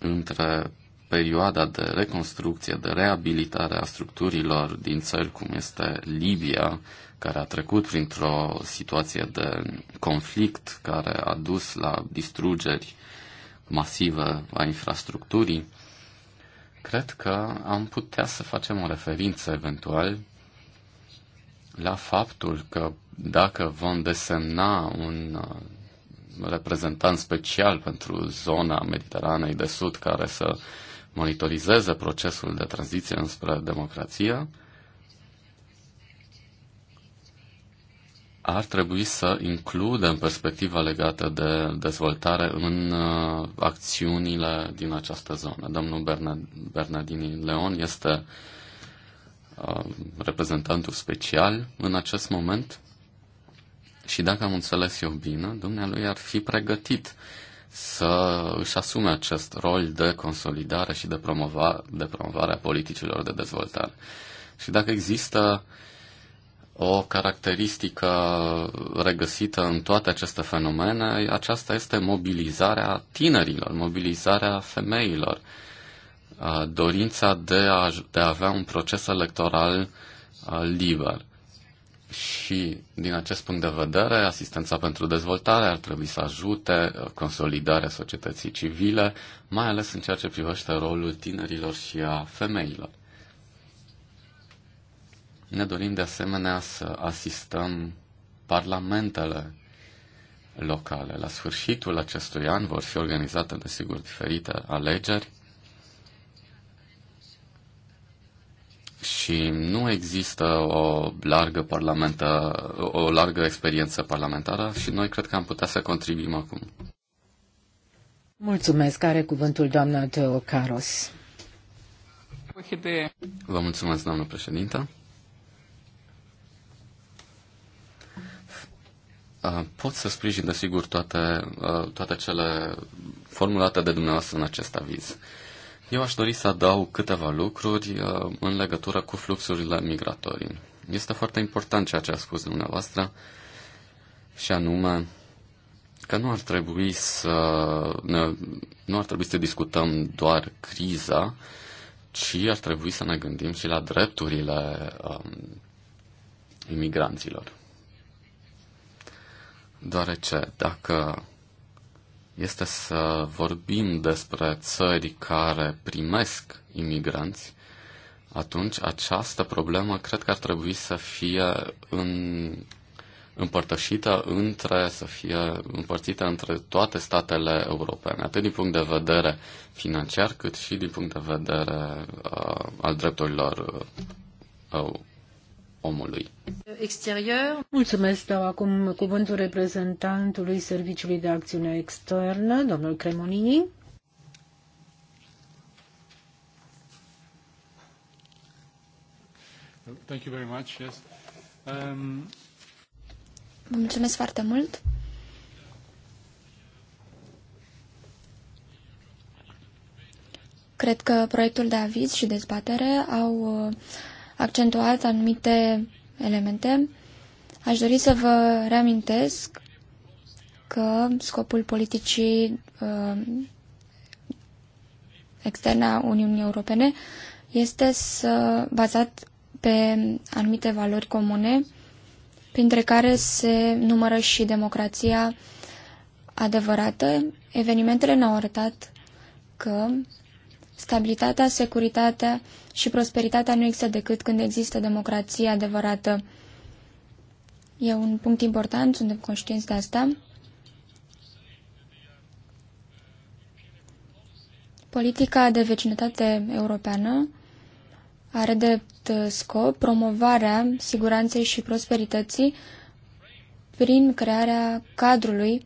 între perioada de reconstrucție, de reabilitare a structurilor din țări cum este Libia, care a trecut printr-o situație de conflict care a dus la distrugeri masive a infrastructurii, cred că am putea să facem o referință eventual la faptul că dacă vom desemna un reprezentant special pentru zona Mediteranei de Sud care să monitorizeze procesul de tranziție înspre democrație, ar trebui să în perspectiva legată de dezvoltare în uh, acțiunile din această zonă. Domnul Bernad- Bernardini Leon este uh, reprezentantul special în acest moment și dacă am înțeles eu bine, dumnealui ar fi pregătit să își asume acest rol de consolidare și de, promova, de promovare a politicilor de dezvoltare. Și dacă există o caracteristică regăsită în toate aceste fenomene, aceasta este mobilizarea tinerilor, mobilizarea femeilor, dorința de a, de a avea un proces electoral liber. Și din acest punct de vedere, asistența pentru dezvoltare ar trebui să ajute uh, consolidarea societății civile, mai ales în ceea ce privește rolul tinerilor și a femeilor. Ne dorim de asemenea să asistăm parlamentele locale. La sfârșitul acestui an vor fi organizate, desigur, diferite alegeri și nu există o largă, parlamentă, o largă experiență parlamentară și noi cred că am putea să contribuim acum. Mulțumesc. Are cuvântul doamna Caros. Vă mulțumesc, doamnă președintă. Pot să sprijin, desigur, toate, toate cele formulate de dumneavoastră în acest aviz. Eu aș dori să adaug câteva lucruri uh, în legătură cu fluxurile migratorii. Este foarte important ceea ce a spus dumneavoastră și anume că nu ar trebui să ne, nu ar trebui să discutăm doar criza, ci ar trebui să ne gândim și la drepturile um, imigranților. Deoarece dacă este să vorbim despre țări care primesc imigranți, atunci această problemă cred că ar trebui să fie în, împărtășită între, să fie împărțită între toate statele europene, atât din punct de vedere financiar, cât și din punct de vedere uh, al drepturilor uh, omului. Exterior. Mulțumesc, dau acum cuvântul reprezentantului Serviciului de Acțiune Externă, domnul Cremonini. Thank you very much. Yes. Um... Mulțumesc foarte mult. Cred că proiectul de aviz și dezbatere au uh, accentuat anumite elemente. Aș dori să vă reamintesc că scopul politicii uh, externe a Uniunii Europene este să, bazat pe anumite valori comune, printre care se numără și democrația adevărată. Evenimentele ne-au arătat că Stabilitatea, securitatea și prosperitatea nu există decât când există democrație adevărată. E un punct important, suntem conștienți de asta. Politica de vecinătate europeană are de scop promovarea siguranței și prosperității prin crearea cadrului,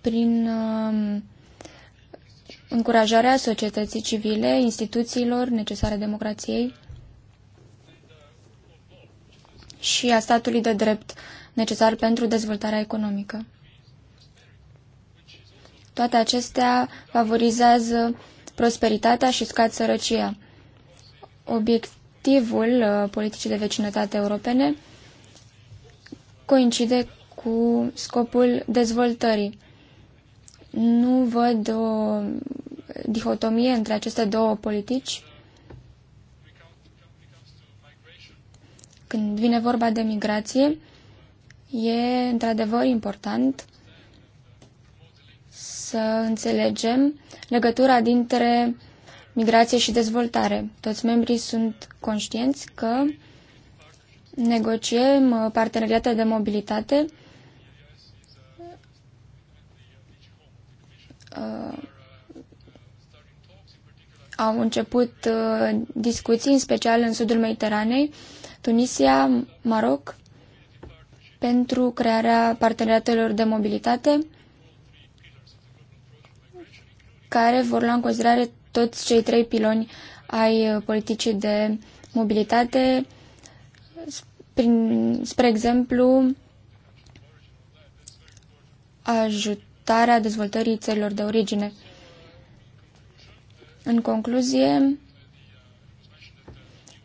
prin uh, încurajarea societății civile, instituțiilor necesare democrației și a statului de drept necesar pentru dezvoltarea economică. Toate acestea favorizează prosperitatea și scad sărăcia. Obiectivul uh, politicii de vecinătate europene coincide cu scopul dezvoltării. Nu văd o dihotomie între aceste două politici. Când vine vorba de migrație, e într-adevăr important să înțelegem legătura dintre migrație și dezvoltare. Toți membrii sunt conștienți că negociem uh, parteneriate de mobilitate uh, au început uh, discuții, în special în sudul Mediteranei, Tunisia, Maroc, pentru crearea parteneriatelor de mobilitate, care vor lua în considerare toți cei trei piloni ai politicii de mobilitate, prin, spre exemplu, ajut, dezvoltarea, dezvoltării țărilor de origine. În concluzie,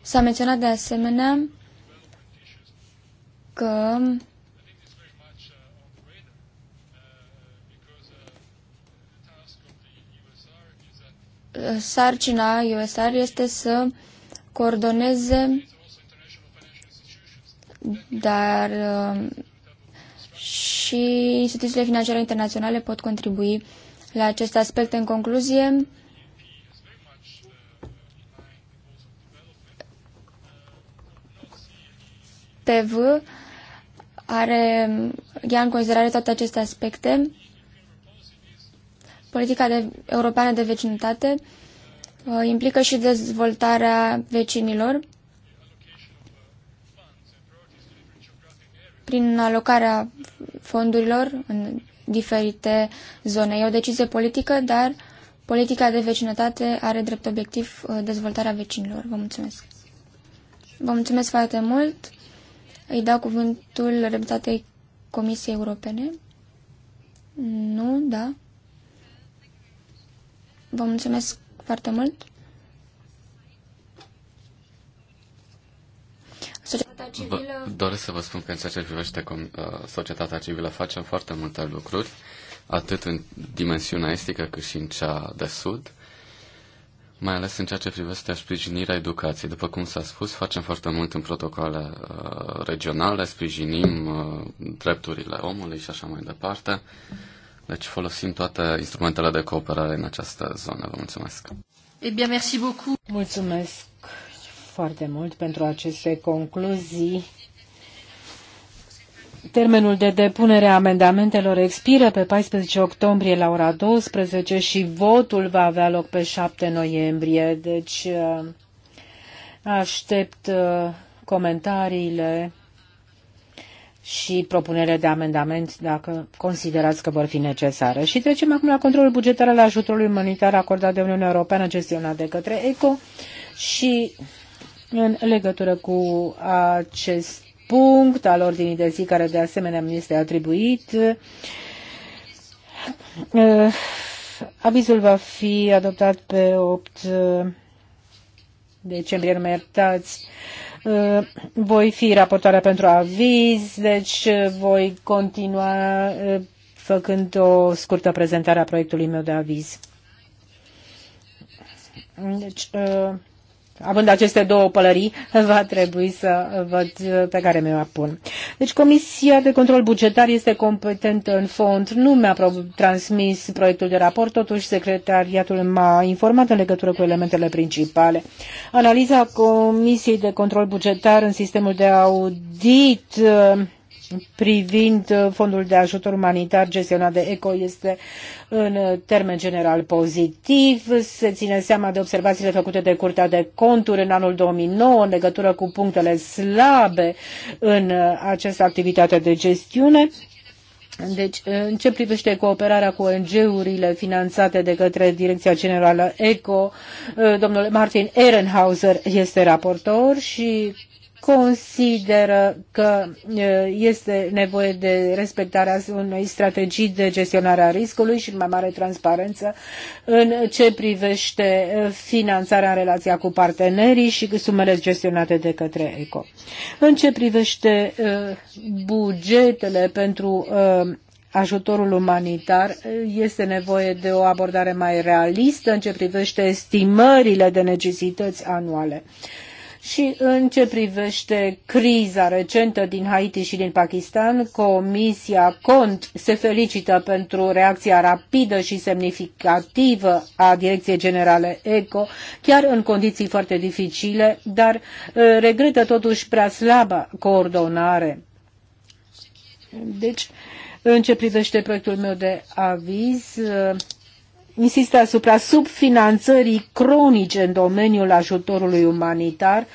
s-a menționat de asemenea că sarcina USR este să coordoneze dar și instituțiile financiare internaționale pot contribui la acest aspect. În concluzie, PV are, ia în considerare toate aceste aspecte. Politica de, europeană de vecinătate uh, implică și dezvoltarea vecinilor prin alocarea fondurilor în diferite zone. E o decizie politică, dar politica de vecinătate are drept obiectiv uh, dezvoltarea vecinilor. Vă mulțumesc! Vă mulțumesc foarte mult! Îi dau cuvântul reprezentatei Comisiei Europene. Nu, da. Vă mulțumesc foarte mult. Societatea civilă... doresc să vă spun că în ceea ce privește uh, societatea civilă facem foarte multe lucruri, atât în dimensiunea estică cât și în cea de sud, mai ales în ceea ce privește sprijinirea educației. După cum s-a spus, facem foarte mult în protocoale uh, regionale, sprijinim uh, drepturile omului și așa mai departe. Deci folosim toate instrumentele de cooperare în această zonă. Vă mulțumesc! Eh bien, merci beaucoup. Mulțumesc foarte mult pentru aceste concluzii. Termenul de depunere a amendamentelor expiră pe 14 octombrie la ora 12 și votul va avea loc pe 7 noiembrie. Deci uh, aștept uh, comentariile și propunerea de amendament dacă considerați că vor fi necesare. Și trecem acum la controlul bugetar al ajutorului umanitar acordat de Uniunea Europeană gestionat de către ECO și în legătură cu acest punct al ordinii de zi care de asemenea mi este atribuit. Eh, avizul va fi adoptat pe 8 eh, decembrie, nu iertați. Eh, voi fi raportoarea pentru aviz, deci voi continua făcând o scurtă prezentare a proiectului meu de aviz. Deci, având aceste două pălării, va trebui să văd pe care mi-o apun. Deci Comisia de Control Bugetar este competentă în fond. Nu mi-a transmis proiectul de raport, totuși secretariatul m-a informat în legătură cu elementele principale. Analiza Comisiei de Control Bugetar în sistemul de audit privind uh, fondul de ajutor umanitar gestionat de ECO este în termen general pozitiv. Se ține seama de observațiile făcute de Curtea de Conturi în anul 2009 în legătură cu punctele slabe în uh, această activitate de gestiune. Deci, uh, în ce privește cooperarea cu ONG-urile finanțate de către Direcția Generală ECO, domnul Martin Ehrenhauser este raportor și consideră că este nevoie de respectarea unei strategii de gestionare a riscului și mai mare transparență în ce privește finanțarea în relația cu partenerii și sumele gestionate de către ECO. În ce privește bugetele pentru ajutorul umanitar, este nevoie de o abordare mai realistă în ce privește estimările de necesități anuale. Și în ce privește criza recentă din Haiti și din Pakistan, Comisia Cont se felicită pentru reacția rapidă și semnificativă a Direcției Generale ECO, chiar în condiții foarte dificile, dar uh, regretă totuși prea slabă coordonare. Deci, în ce privește proiectul meu de aviz, uh, insistă asupra subfinanțării cronice în domeniul ajutorului umanitar.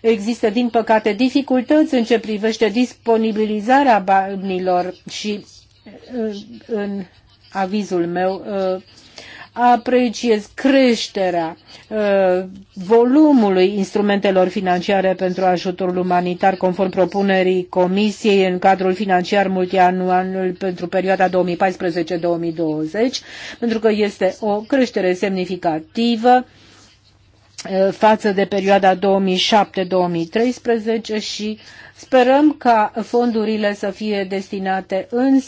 Există, din păcate, dificultăți în ce privește disponibilizarea banilor și în avizul meu uh, apreciez creșterea uh, volumului instrumentelor financiare pentru ajutorul umanitar conform propunerii Comisiei în cadrul financiar multianual pentru perioada 2014-2020, pentru că este o creștere semnificativă uh, față de perioada 2007-2013 și sperăm ca fondurile să fie destinate în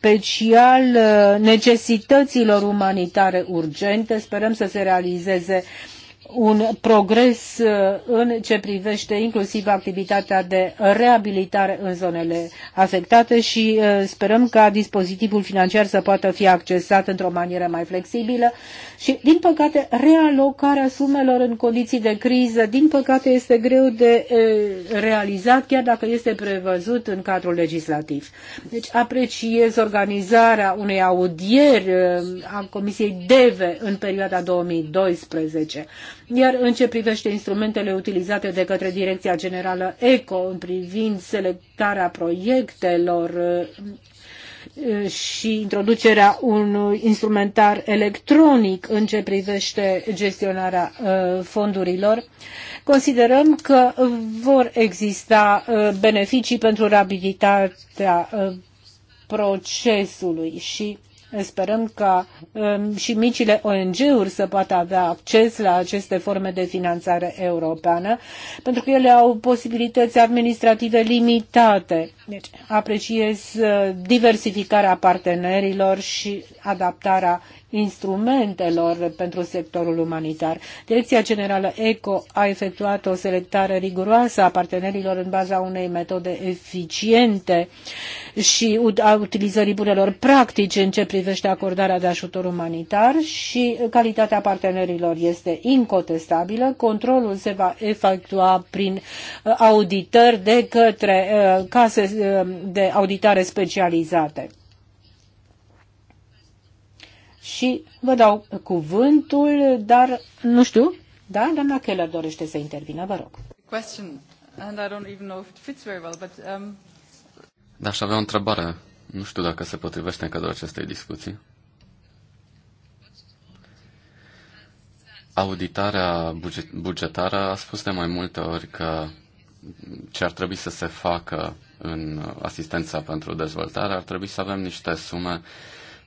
special uh, necesităților umanitare urgente. Sperăm să se realizeze uh, un progres uh, în ce privește inclusiv activitatea de reabilitare în zonele afectate și uh, sperăm ca dispozitivul financiar să poată fi accesat într-o manieră mai flexibilă și, din păcate, realocarea sumelor în condiții de criză, din păcate, este greu de uh, realizat, chiar dacă este prevăzut în cadrul legislativ. Deci apreciez organizarea unei audieri a Comisiei DEVE în perioada 2012. Iar în ce privește instrumentele utilizate de către Direcția Generală ECO în privind selectarea proiectelor eh, și introducerea unui instrumentar electronic în ce privește gestionarea eh, fondurilor, considerăm că vor exista eh, beneficii pentru rapiditatea procesului și Sperăm ca um, și micile ONG-uri să poată avea acces la aceste forme de finanțare europeană, pentru că ele au posibilități administrative limitate deci apreciez uh, diversificarea partenerilor și adaptarea instrumentelor pentru sectorul umanitar. Direcția Generală ECO a efectuat o selectare riguroasă a partenerilor în baza unei metode eficiente și a utilizării bunelor practice în ce privește acordarea de ajutor umanitar și calitatea partenerilor este incontestabilă. Controlul se va efectua prin uh, auditări de către uh, case Um, de auditare specializate. Și vă dau cuvântul, dar nu știu, da, doamna Keller dorește să intervină, vă rog. Question, um, Da, aș avea o întrebare. Nu știu dacă se potrivește în cadrul acestei discuții. Auditarea bugetară a spus de mai multe ori că ce ar trebui să se facă în asistența pentru dezvoltare, ar trebui să avem niște sume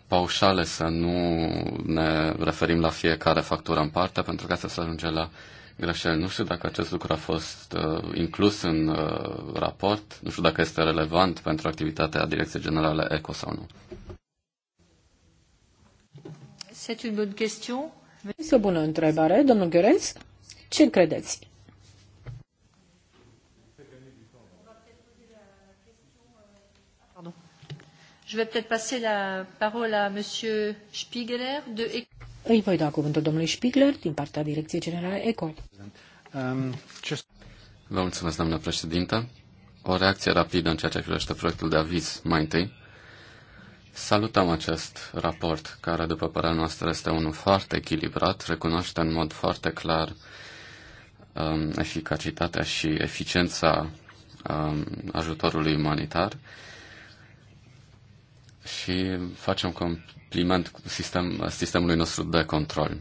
paușale, să nu ne referim la fiecare factură în parte, pentru ca să se ajunge la greșeli. Nu știu dacă acest lucru a fost uh, inclus în uh, raport, nu știu dacă este relevant pentru activitatea Direcției Generale ECO sau nu. Este o bună întrebare, domnul Gheorenț. Ce credeți? Je vais peut-être passer la parole à Monsieur Spiegeler de Îi voi da cuvântul domnului Spiegler din partea Direcției Generale ECO. Um, Vă mulțumesc, doamnă președintă. O reacție rapidă în ceea ce privește proiectul de aviz mai întâi. Salutăm acest raport, care, după părerea noastră, este unul foarte echilibrat, recunoaște în mod foarte clar um, eficacitatea și eficiența um, ajutorului umanitar și facem compliment sistem, sistemului nostru de control.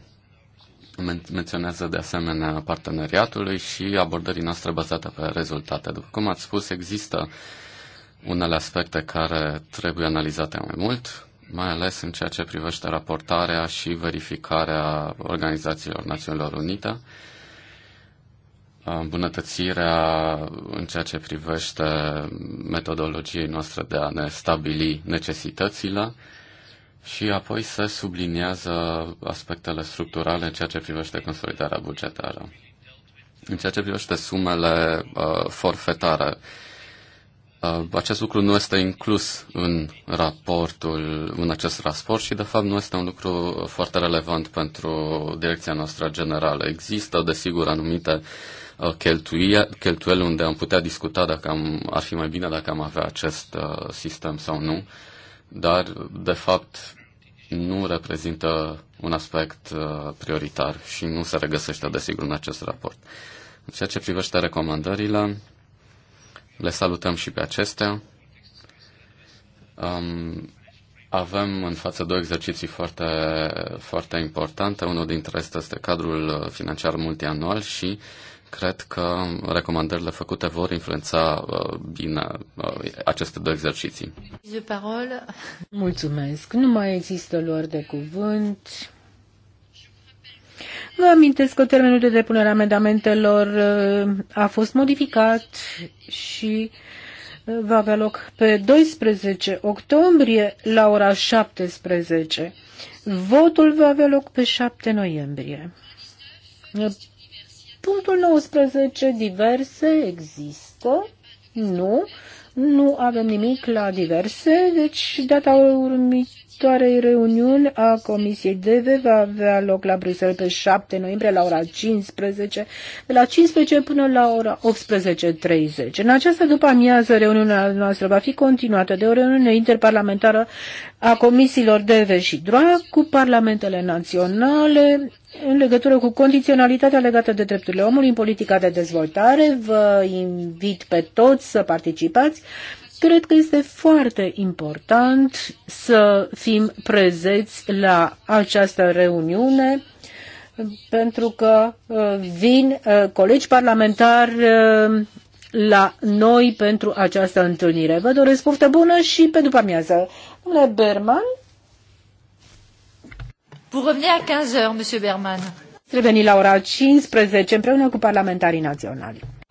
Men menționează de asemenea parteneriatului și abordării noastre bazate pe rezultate. După cum ați spus, există unele aspecte care trebuie analizate mai mult, mai ales în ceea ce privește raportarea și verificarea organizațiilor Națiunilor Unite, îmbunătățirea în ceea ce privește metodologiei noastre de a ne stabili necesitățile și apoi se subliniază aspectele structurale în ceea ce privește consolidarea bugetară. În ceea ce privește sumele uh, forfetare, uh, acest lucru nu este inclus în raportul, în acest raport și, de fapt, nu este un lucru foarte relevant pentru direcția noastră generală. Există, desigur, anumite uh, Uh, cheltuieli unde am putea discuta dacă am, ar fi mai bine dacă am avea acest uh, sistem sau nu, dar de fapt nu reprezintă un aspect uh, prioritar și nu se regăsește desigur în acest raport. În ceea ce privește recomandările, le salutăm și pe acestea. Um, avem în față două exerciții foarte, foarte importante. Unul dintre acestea este cadrul financiar multianual și uh, Cred că recomandările făcute vor influența uh, bine uh, aceste două exerciții. Mulțumesc. Nu mai există lor de cuvânt. Vă amintesc că termenul de depunere a amendamentelor uh, a fost modificat și va avea loc pe 12 octombrie la ora 17. Votul va avea loc pe 7 noiembrie. Punctul 19, diverse, există? Nu. Nu avem nimic la diverse, deci data următoare viitoarei reuniuni a Comisiei DEVE va avea loc la Bruxelles pe 7 noiembrie la ora 15, de la 15 până la ora 18.30. În această după amiază, reuniunea noastră va fi continuată de o reuniune interparlamentară a Comisiilor DEVE și DROA cu parlamentele naționale în legătură cu condiționalitatea legată de drepturile omului în politica de dezvoltare. Vă invit pe toți să participați. Cred că este foarte important să fim prezenți la această reuniune pentru că uh, vin uh, colegi parlamentari uh, la noi pentru această întâlnire. Vă doresc poftă bună și pe după amiază. Domnule Berman. Pour revenir à 15h, monsieur Berman. Trebuie la ora 15 împreună cu parlamentarii naționali.